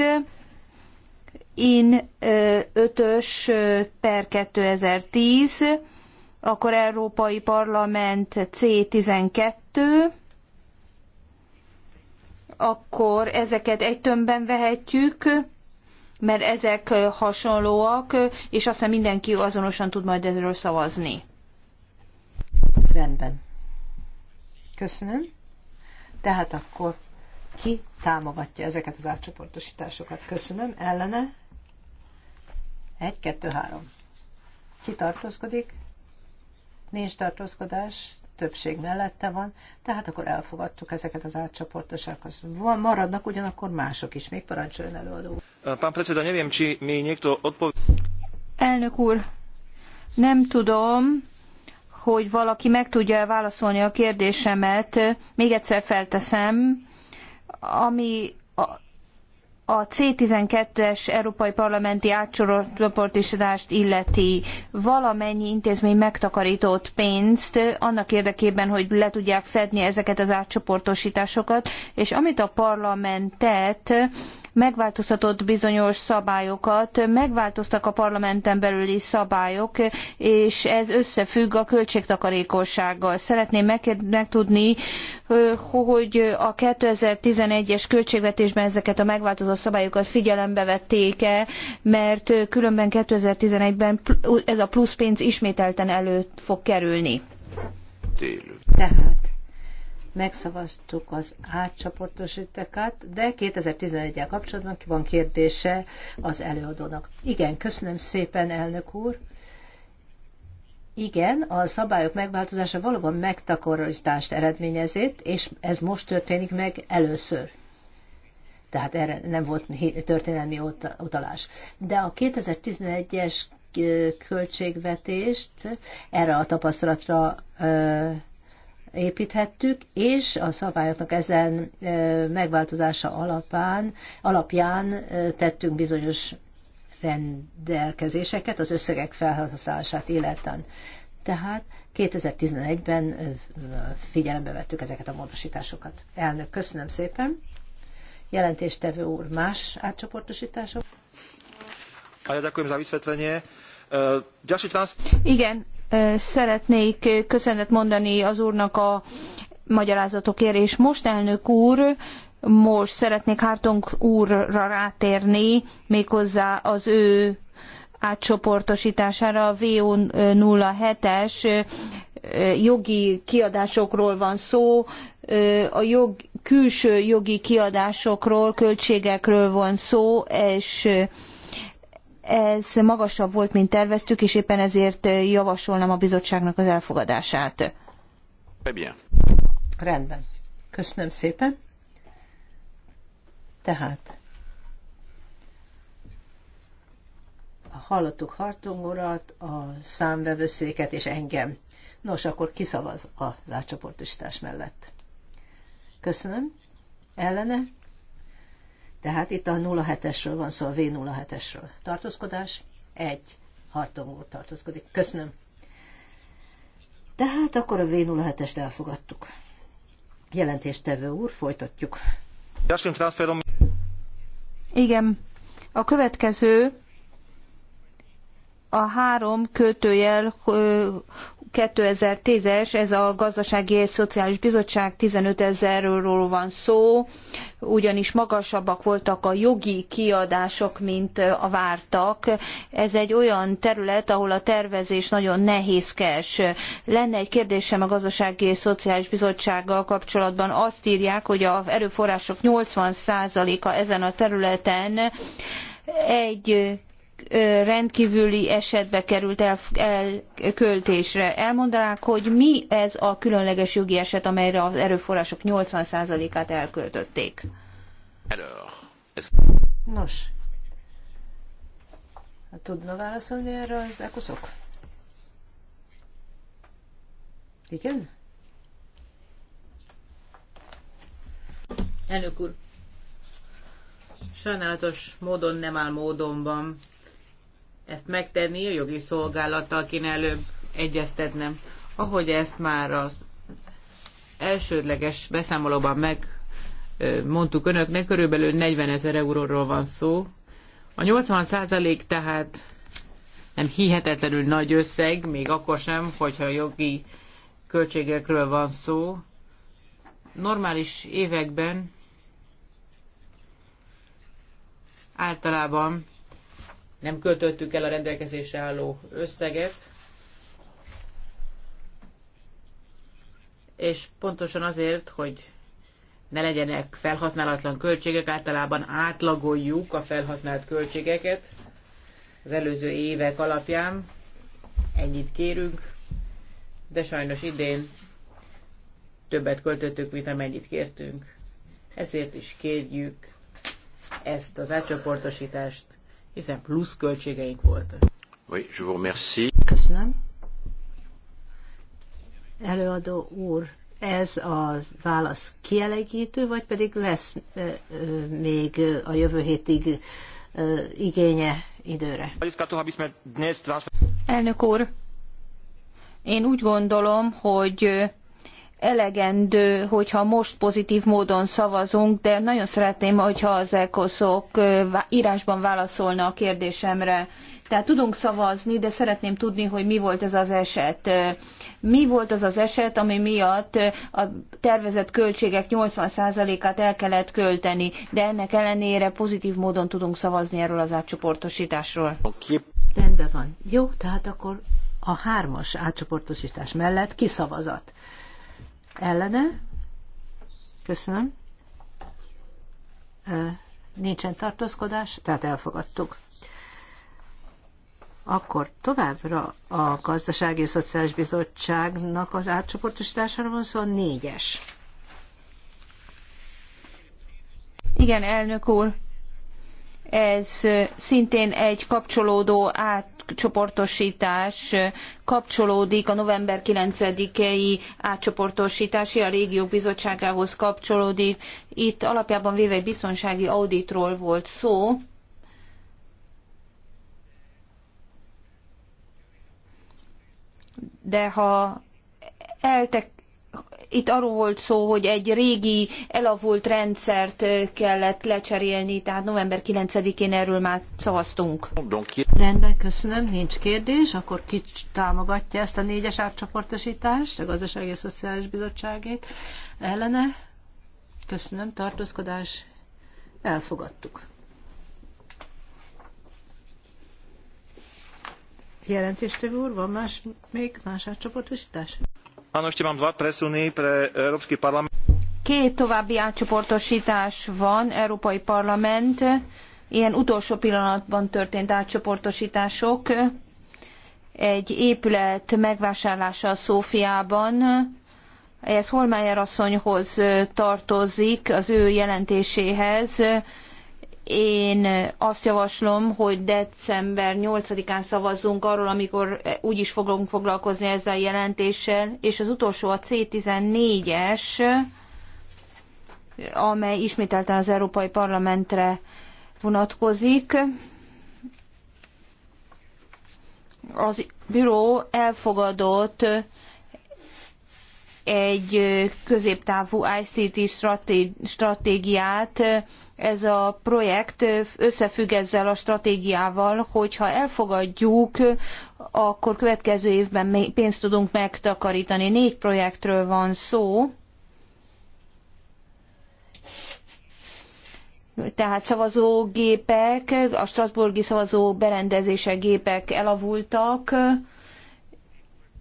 IN 5-ös per 2010, akkor Európai Parlament C12, akkor ezeket egy tömbben vehetjük, mert ezek hasonlóak, és aztán mindenki azonosan tud majd ezről szavazni. Rendben. Köszönöm. Tehát akkor ki támogatja ezeket az átcsoportosításokat? Köszönöm. Ellene? Egy, kettő, három. Ki tartózkodik? Nincs tartózkodás, többség mellette van, tehát akkor elfogadtuk ezeket az átcsoportosakhoz. Maradnak ugyanakkor mások is, még parancsoljon előadó. Pán Preceda, nem wiem, mi niekto odpov... Elnök úr, nem tudom, hogy valaki meg tudja válaszolni a kérdésemet. Még egyszer felteszem, ami a, a C12-es Európai Parlamenti átcsoportosítást illeti valamennyi intézmény megtakarított pénzt annak érdekében, hogy le tudják fedni ezeket az átcsoportosításokat, és amit a parlament tett, megváltoztatott bizonyos szabályokat, megváltoztak a parlamenten belüli szabályok, és ez összefügg a költségtakarékossággal. Szeretném megtudni, hogy a 2011-es költségvetésben ezeket a megváltozott szabályokat figyelembe vették-e, mert különben 2011-ben ez a pluszpénz ismételten elő fog kerülni. Tehát megszavaztuk az átcsoportosításokat, de 2011-el kapcsolatban van kérdése az előadónak. Igen, köszönöm szépen, elnök úr. Igen, a szabályok megváltozása valóban megtakarítást eredményezett, és ez most történik meg először. Tehát erre nem volt történelmi utalás. De a 2011-es költségvetést erre a tapasztalatra építhettük, és a szabályoknak ezen megváltozása alapán, alapján tettünk bizonyos rendelkezéseket az összegek felhasználását életen. Tehát 2011-ben figyelembe vettük ezeket a módosításokat. Elnök, köszönöm szépen. Jelentéstevő úr, más átcsoportosítások? Igen, Szeretnék köszönet mondani az úrnak a magyarázatokért, és most elnök úr, most szeretnék Hartung úrra rátérni, méghozzá az ő átcsoportosítására a VO07-es jogi kiadásokról van szó, a jog, külső jogi kiadásokról, költségekről van szó, és ez magasabb volt, mint terveztük, és éppen ezért javasolnám a bizottságnak az elfogadását. Bien. Rendben. Köszönöm szépen. Tehát a hallottuk Hartung urat, a számvevőszéket és engem. Nos, akkor kiszavaz az átcsoportosítás mellett. Köszönöm. Ellene? Tehát itt a 07-esről van szó, a V07-esről. Tartózkodás? Egy. Hartong úr tartózkodik. Köszönöm. Tehát akkor a V07-est elfogadtuk. Jelentéstevő úr, folytatjuk. Igen. A következő a három kötőjel 2010-es, ez a Gazdasági és Szociális Bizottság 15 ezer euróról van szó, ugyanis magasabbak voltak a jogi kiadások, mint a vártak. Ez egy olyan terület, ahol a tervezés nagyon nehézkes. Lenne egy kérdésem a Gazdasági és Szociális Bizottsággal kapcsolatban. Azt írják, hogy a erőforrások 80%-a ezen a területen egy rendkívüli esetbe került elköltésre. El Elmondanák, hogy mi ez a különleges jogi eset, amelyre az erőforrások 80%-át elköltötték? Nos, hát tudna válaszolni erre az ECOSZok? Igen? Elnök úr, sajnálatos módon nem áll módonban ezt megtenni, a jogi szolgálattal kéne előbb egyeztetnem. Ahogy ezt már az elsődleges beszámolóban megmondtuk önöknek, körülbelül 40 ezer euróról van szó. A 80 százalék tehát nem hihetetlenül nagy összeg, még akkor sem, hogyha jogi költségekről van szó. Normális években általában nem költöttük el a rendelkezésre álló összeget, és pontosan azért, hogy ne legyenek felhasználatlan költségek, általában átlagoljuk a felhasznált költségeket az előző évek alapján. Ennyit kérünk, de sajnos idén többet költöttük, mint amennyit kértünk. Ezért is kérjük ezt az átcsoportosítást hiszen plusz költségeink voltak. Oui, je vous remercie. Köszönöm. Előadó úr, ez a válasz kielégítő, vagy pedig lesz még a jövő hétig igénye időre? Elnök úr, én úgy gondolom, hogy elegendő, hogyha most pozitív módon szavazunk, de nagyon szeretném, hogyha az ECOSZok írásban válaszolna a kérdésemre. Tehát tudunk szavazni, de szeretném tudni, hogy mi volt ez az eset. Mi volt az az eset, ami miatt a tervezett költségek 80%-át el kellett költeni, de ennek ellenére pozitív módon tudunk szavazni erről az átcsoportosításról. Rendben van. Jó, tehát akkor a hármas átcsoportosítás mellett kiszavazat ellene, köszönöm, nincsen tartózkodás, tehát elfogadtuk. Akkor továbbra a Gazdasági és Szociális Bizottságnak az átcsoportosítására van szó, a négyes. Igen, elnök úr, ez szintén egy kapcsolódó átcsoportosítás kapcsolódik a november 9-i átcsoportosítási, a régiók bizottságához kapcsolódik. Itt alapjában véve egy biztonsági auditról volt szó, de ha eltek itt arról volt szó, hogy egy régi, elavult rendszert kellett lecserélni, tehát november 9-én erről már szavaztunk. Rendben, köszönöm, nincs kérdés. Akkor ki támogatja ezt a négyes átcsoportosítást, a Gazdasági és Szociális Bizottságét? Ellene? Köszönöm, tartózkodás. Elfogadtuk. jelentéstevő úr, van más, még más átcsoportosítás? Két további átcsoportosítás van, Európai Parlament, ilyen utolsó pillanatban történt átcsoportosítások. Egy épület megvásárlása a Szófiában, ez Holmeyer asszonyhoz tartozik, az ő jelentéséhez, én azt javaslom, hogy december 8-án szavazzunk arról, amikor úgy is fogunk foglalkozni ezzel a jelentéssel, és az utolsó a C14-es, amely ismételten az Európai Parlamentre vonatkozik. Az büró elfogadott egy középtávú ICT stratégiát. Ez a projekt összefügg ezzel a stratégiával, hogyha elfogadjuk, akkor következő évben pénzt tudunk megtakarítani. Négy projektről van szó. tehát szavazógépek, a Strasbourgi szavazó berendezése gépek elavultak,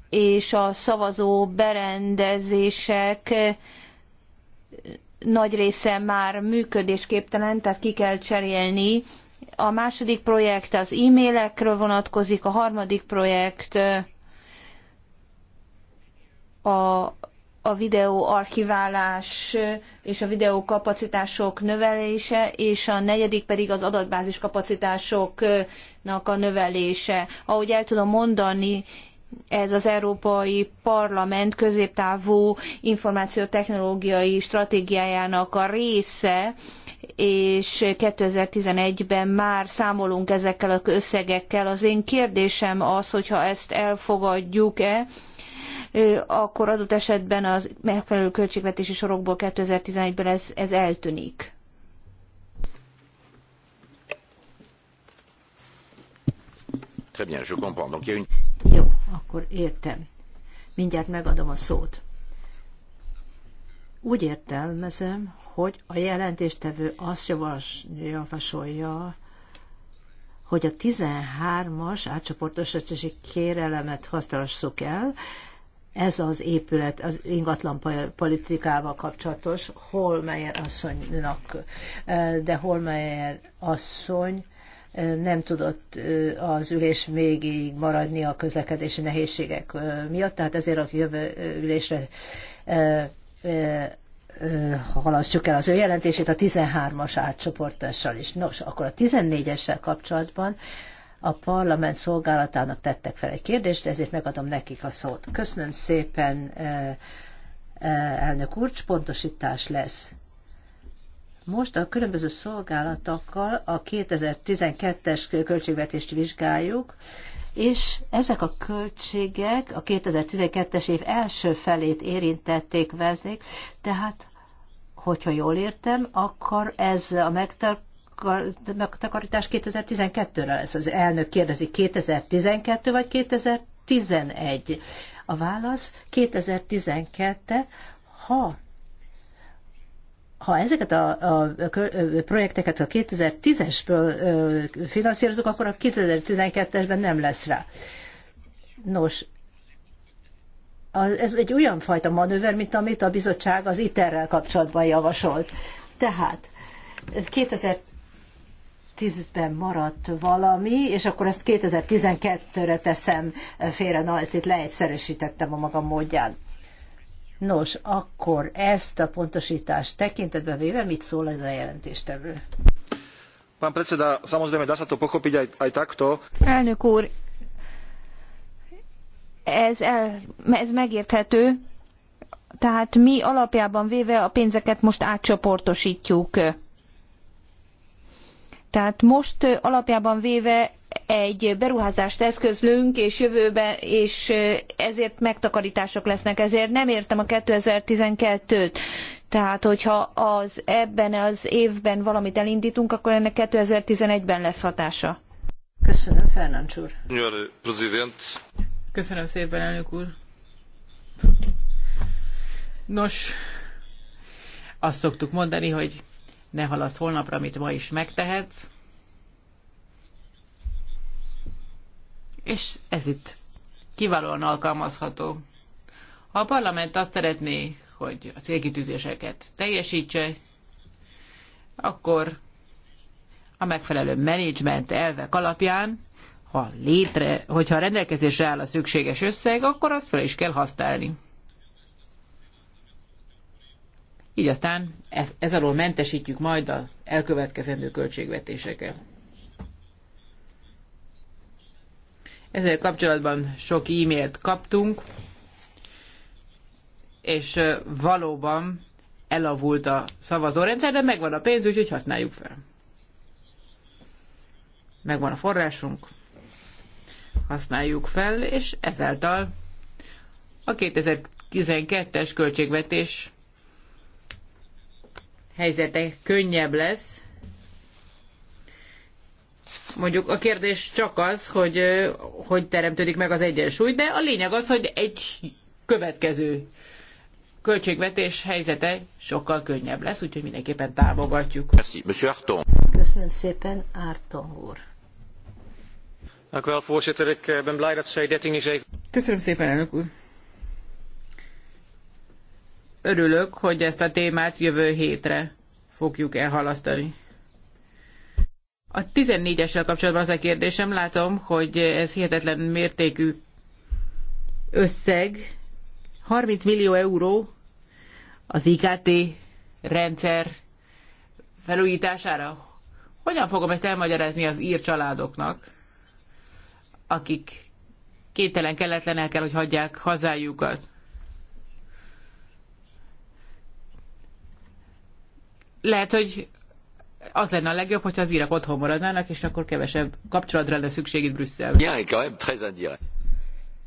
és a szavazó berendezések nagy része már működésképtelen, tehát ki kell cserélni. A második projekt az e-mailekről vonatkozik, a harmadik projekt a, a videó archiválás és a videó kapacitások növelése, és a negyedik pedig az adatbázis kapacitásoknak a növelése. Ahogy el tudom mondani, ez az Európai Parlament középtávú információtechnológiai stratégiájának a része, és 2011-ben már számolunk ezekkel az összegekkel. Az én kérdésem az, hogy ha ezt elfogadjuk-e, akkor adott esetben az megfelelő költségvetési sorokból 2011-ben ez, ez eltűnik. Très bien, je comprends. Donc, il y a une... Jó, akkor értem. Mindjárt megadom a szót. Úgy értelmezem, hogy a jelentéstevő azt javasolja, hogy a 13-as átcsoportosítási kérelemet használassuk el, ez az épület az ingatlan politikával kapcsolatos Holmeyer asszonynak, de Holmeyer asszony nem tudott az ülés végig maradni a közlekedési nehézségek miatt, tehát ezért a jövő ülésre halasztjuk el az ő jelentését a 13-as átcsoportással is. Nos, akkor a 14-essel kapcsolatban a parlament szolgálatának tettek fel egy kérdést, ezért megadom nekik a szót. Köszönöm szépen, elnök úr, pontosítás lesz. Most a különböző szolgálatokkal a 2012-es költségvetést vizsgáljuk, és ezek a költségek a 2012-es év első felét érintették vezék, tehát hogyha jól értem, akkor ez a megtart megtakarítás 2012-re lesz. Az elnök kérdezi, 2012 vagy 2011? A válasz 2012 ha ha ezeket a, a projekteket a 2010-esből finanszírozunk, akkor a 2012-esben nem lesz rá. Nos, ez egy olyan fajta manőver, mint amit a bizottság az ITER-rel kapcsolatban javasolt. Tehát 2010-ben maradt valami, és akkor ezt 2012-re teszem félre, na ezt itt leegyszerűsítettem a magam módján. Nos, akkor ezt a pontosítást tekintetbe véve mit szól ez a jelentéstevő? Pán predseda, samozrejme dá sa to pochopiť aj, aj takto. Elnök úr, ez, el, ez megérthető, tehát mi alapjában véve a pénzeket most átcsoportosítjuk tehát most alapjában véve egy beruházást eszközlünk, és jövőben, és ezért megtakarítások lesznek, ezért nem értem a 2012-t. Tehát, hogyha az ebben az évben valamit elindítunk, akkor ennek 2011-ben lesz hatása. Köszönöm, Fernand úr. Köszönöm szépen, elnök úr. Nos, azt szoktuk mondani, hogy ne halaszt holnapra, amit ma is megtehetsz. És ez itt kiválóan alkalmazható. Ha a parlament azt szeretné, hogy a célkitűzéseket teljesítse, akkor a megfelelő menedzsment elvek alapján, ha létre, hogyha rendelkezésre áll a szükséges összeg, akkor azt fel is kell használni. így aztán e, ez alól mentesítjük majd az elkövetkezendő költségvetéseket. Ezzel kapcsolatban sok e-mailt kaptunk, és valóban elavult a szavazórendszer, de megvan a pénz, úgyhogy használjuk fel. Megvan a forrásunk, használjuk fel, és ezáltal a 2012-es költségvetés helyzete könnyebb lesz. Mondjuk a kérdés csak az, hogy hogy teremtődik meg az egyensúly, de a lényeg az, hogy egy következő költségvetés helyzete sokkal könnyebb lesz, úgyhogy mindenképpen támogatjuk. Köszönöm szépen, Árton úr. Eh, Köszönöm szépen, elnök úr örülök, hogy ezt a témát jövő hétre fogjuk elhalasztani. A 14-essel kapcsolatban az a kérdésem, látom, hogy ez hihetetlen mértékű összeg. 30 millió euró az IKT rendszer felújítására. Hogyan fogom ezt elmagyarázni az ír családoknak, akik kételen, kelletlen el kell, hogy hagyják hazájukat? lehet, hogy az lenne a legjobb, hogyha az írak otthon maradnának, és akkor kevesebb kapcsolatra lenne szükség itt Brüsszelben.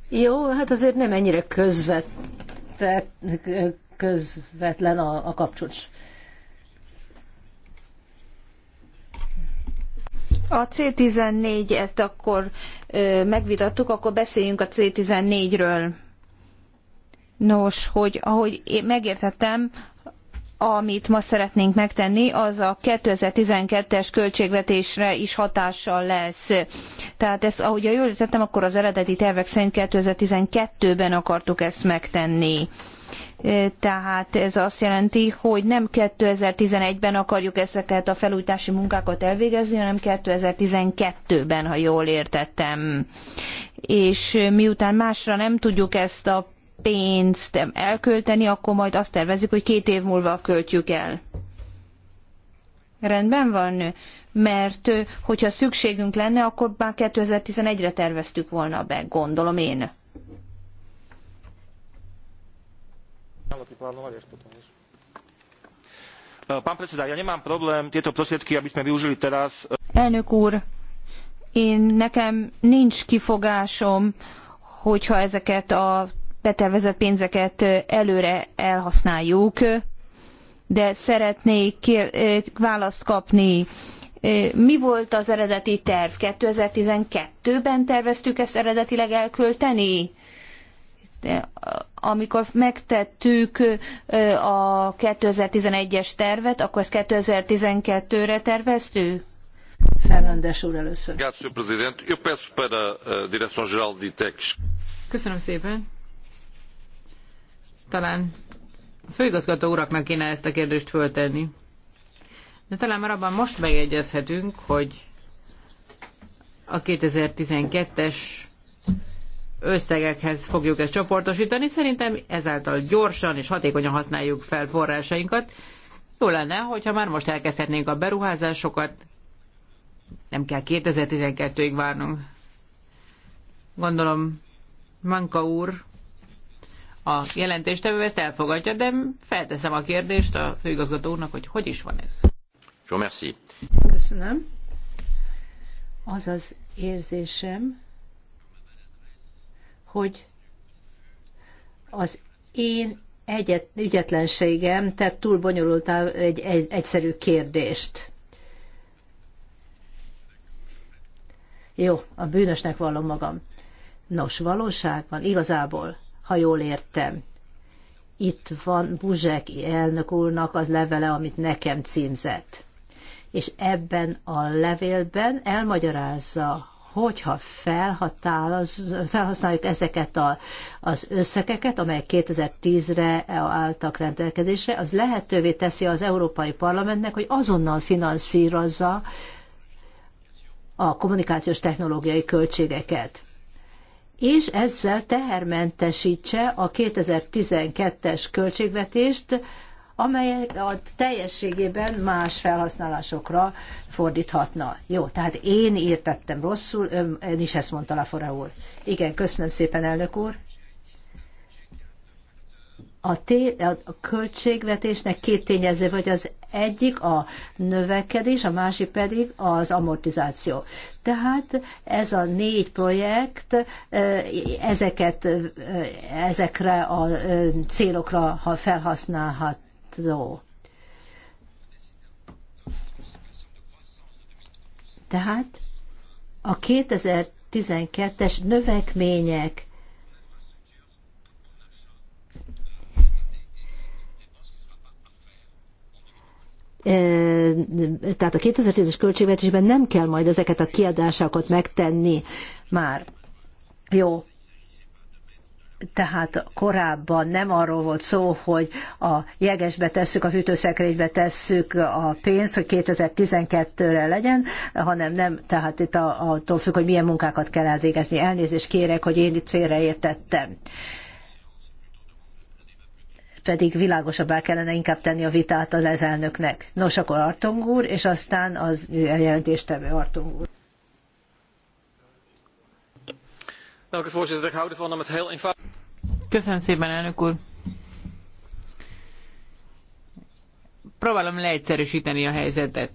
Jó, hát azért nem ennyire közvetett, közvetlen a, a kapcsolat. A C14-et akkor ö, megvitattuk, akkor beszéljünk a C14-ről. Nos, hogy ahogy én megértettem, amit ma szeretnénk megtenni, az a 2012-es költségvetésre is hatással lesz. Tehát ezt, ahogy jól értettem, akkor az eredeti tervek szerint 2012-ben akartuk ezt megtenni. E, tehát ez azt jelenti, hogy nem 2011-ben akarjuk ezeket a felújítási munkákat elvégezni, hanem 2012-ben, ha jól értettem. És miután másra nem tudjuk ezt a pénzt elkölteni, akkor majd azt tervezzük, hogy két év múlva költjük el. Rendben van, mert hogyha szükségünk lenne, akkor már 2011-re terveztük volna be, gondolom én. problém e, Elnök úr, én nekem nincs kifogásom, hogyha ezeket a betervezett pénzeket előre elhasználjuk, de szeretnék választ kapni mi volt az eredeti terv? 2012-ben terveztük ezt eredetileg elkölteni? Amikor megtettük a 2011-es tervet, akkor ezt 2012-re terveztük? Fernandes úr először. Köszönöm szépen. Talán a főigazgató uraknak kéne ezt a kérdést föltenni. De talán már abban most megegyezhetünk, hogy a 2012-es összegekhez fogjuk ezt csoportosítani. Szerintem ezáltal gyorsan és hatékonyan használjuk fel forrásainkat. Jó lenne, hogyha már most elkezdhetnénk a beruházásokat, nem kell 2012-ig várnunk. Gondolom, Manka úr a jelentéstevő ezt elfogadja, de felteszem a kérdést a főigazgató úrnak, hogy hogy is van ez. Jó, merci. Köszönöm. Az az érzésem, hogy az én egyet, ügyetlenségem tehát túl bonyolultá egy, egy egyszerű kérdést. Jó, a bűnösnek vallom magam. Nos, valóságban, igazából ha jól értem. Itt van Buzsek elnök úrnak az levele, amit nekem címzett. És ebben a levélben elmagyarázza, hogyha felhasználjuk ezeket a, az összegeket, amelyek 2010-re álltak rendelkezésre, az lehetővé teszi az Európai Parlamentnek, hogy azonnal finanszírozza a kommunikációs technológiai költségeket és ezzel tehermentesítse a 2012-es költségvetést, amely a teljességében más felhasználásokra fordíthatna. Jó, tehát én értettem rosszul, ön, ön is ezt mondta Lafora úr. Igen, köszönöm szépen, elnök úr a, té- a költségvetésnek két tényező, vagy az egyik a növekedés, a másik pedig az amortizáció. Tehát ez a négy projekt ezeket, ezekre a célokra felhasználható. Tehát a 2012-es növekmények tehát a 2010-es költségvetésben nem kell majd ezeket a kiadásokat megtenni már. Jó, tehát korábban nem arról volt szó, hogy a jegesbe tesszük, a hűtőszekrénybe tesszük a pénzt, hogy 2012-re legyen, hanem nem, tehát itt a, attól függ, hogy milyen munkákat kell elvégezni. Elnézést kérek, hogy én itt félreértettem pedig világosabbá kellene inkább tenni a vitát az elnöknek. Nos, akkor Artong úr, és aztán az jelentéstevő Artong úr. Köszönöm szépen, elnök úr. Próbálom leegyszerűsíteni a helyzetet.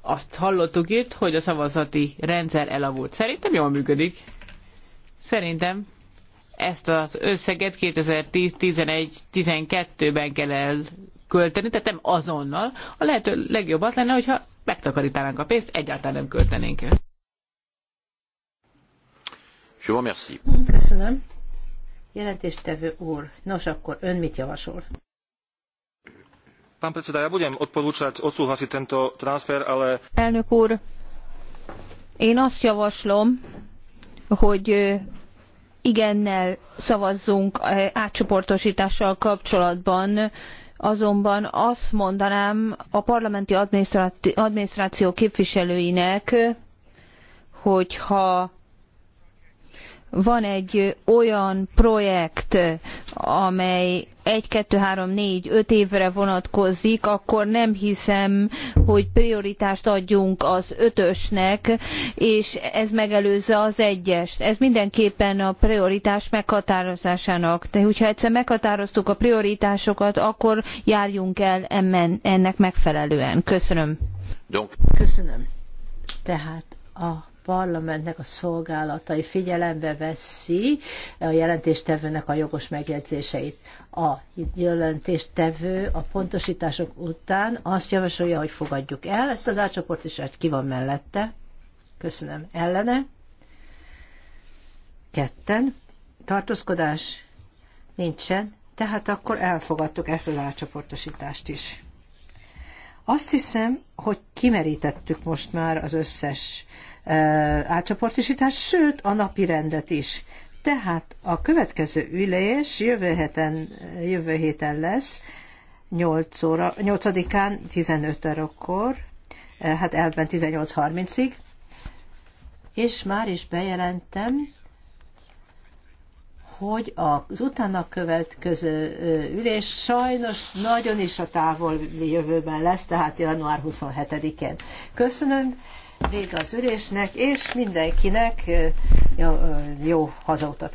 Azt hallottuk itt, hogy a szavazati rendszer elavult. Szerintem jól működik. Szerintem ezt az összeget 2010-11-12-ben kell elkölteni, tehát nem azonnal. A lehető legjobb az lenne, hogyha megtakarítanánk a pénzt, egyáltalán nem költenénk el. Je vous remercie. Köszönöm. Jelentéstevő úr, nos akkor ön mit javasol? Pán predseda, ja budem odporúčať odsúhlasiť tento transfer, ale... Elnök úr, én azt javaslom, hogy igennel szavazzunk eh, átcsoportostással kapcsolatban, azonban azt mondanám a parlamenti adminisztráció képviselőinek, hogy ha van egy olyan projekt, amely 1, 2, 3, 4, 5 évre vonatkozik, akkor nem hiszem, hogy prioritást adjunk az ötösnek, és ez megelőzze az egyest. Ez mindenképpen a prioritás meghatározásának. De hogyha egyszer meghatároztuk a prioritásokat, akkor járjunk el ennek megfelelően. Köszönöm. Köszönöm. Tehát a parlamentnek a szolgálatai figyelembe veszi a jelentéstevőnek a jogos megjegyzéseit. A jelentéstevő a pontosítások után azt javasolja, hogy fogadjuk el ezt az átcsoport, és hát ki van mellette. Köszönöm. Ellene? Ketten. Tartózkodás? Nincsen. Tehát akkor elfogadtuk ezt az átcsoportosítást is. Azt hiszem, hogy kimerítettük most már az összes átcsoportosítás, sőt a napi rendet is. Tehát a következő ülés jövő héten, jövő héten lesz, 8 óra, 8-án 15 órakor, hát elben 18.30-ig, és már is bejelentem, hogy az utána következő ülés sajnos nagyon is a távoli jövőben lesz, tehát január 27-én. Köszönöm vége az ülésnek, és mindenkinek jó, jó hazautat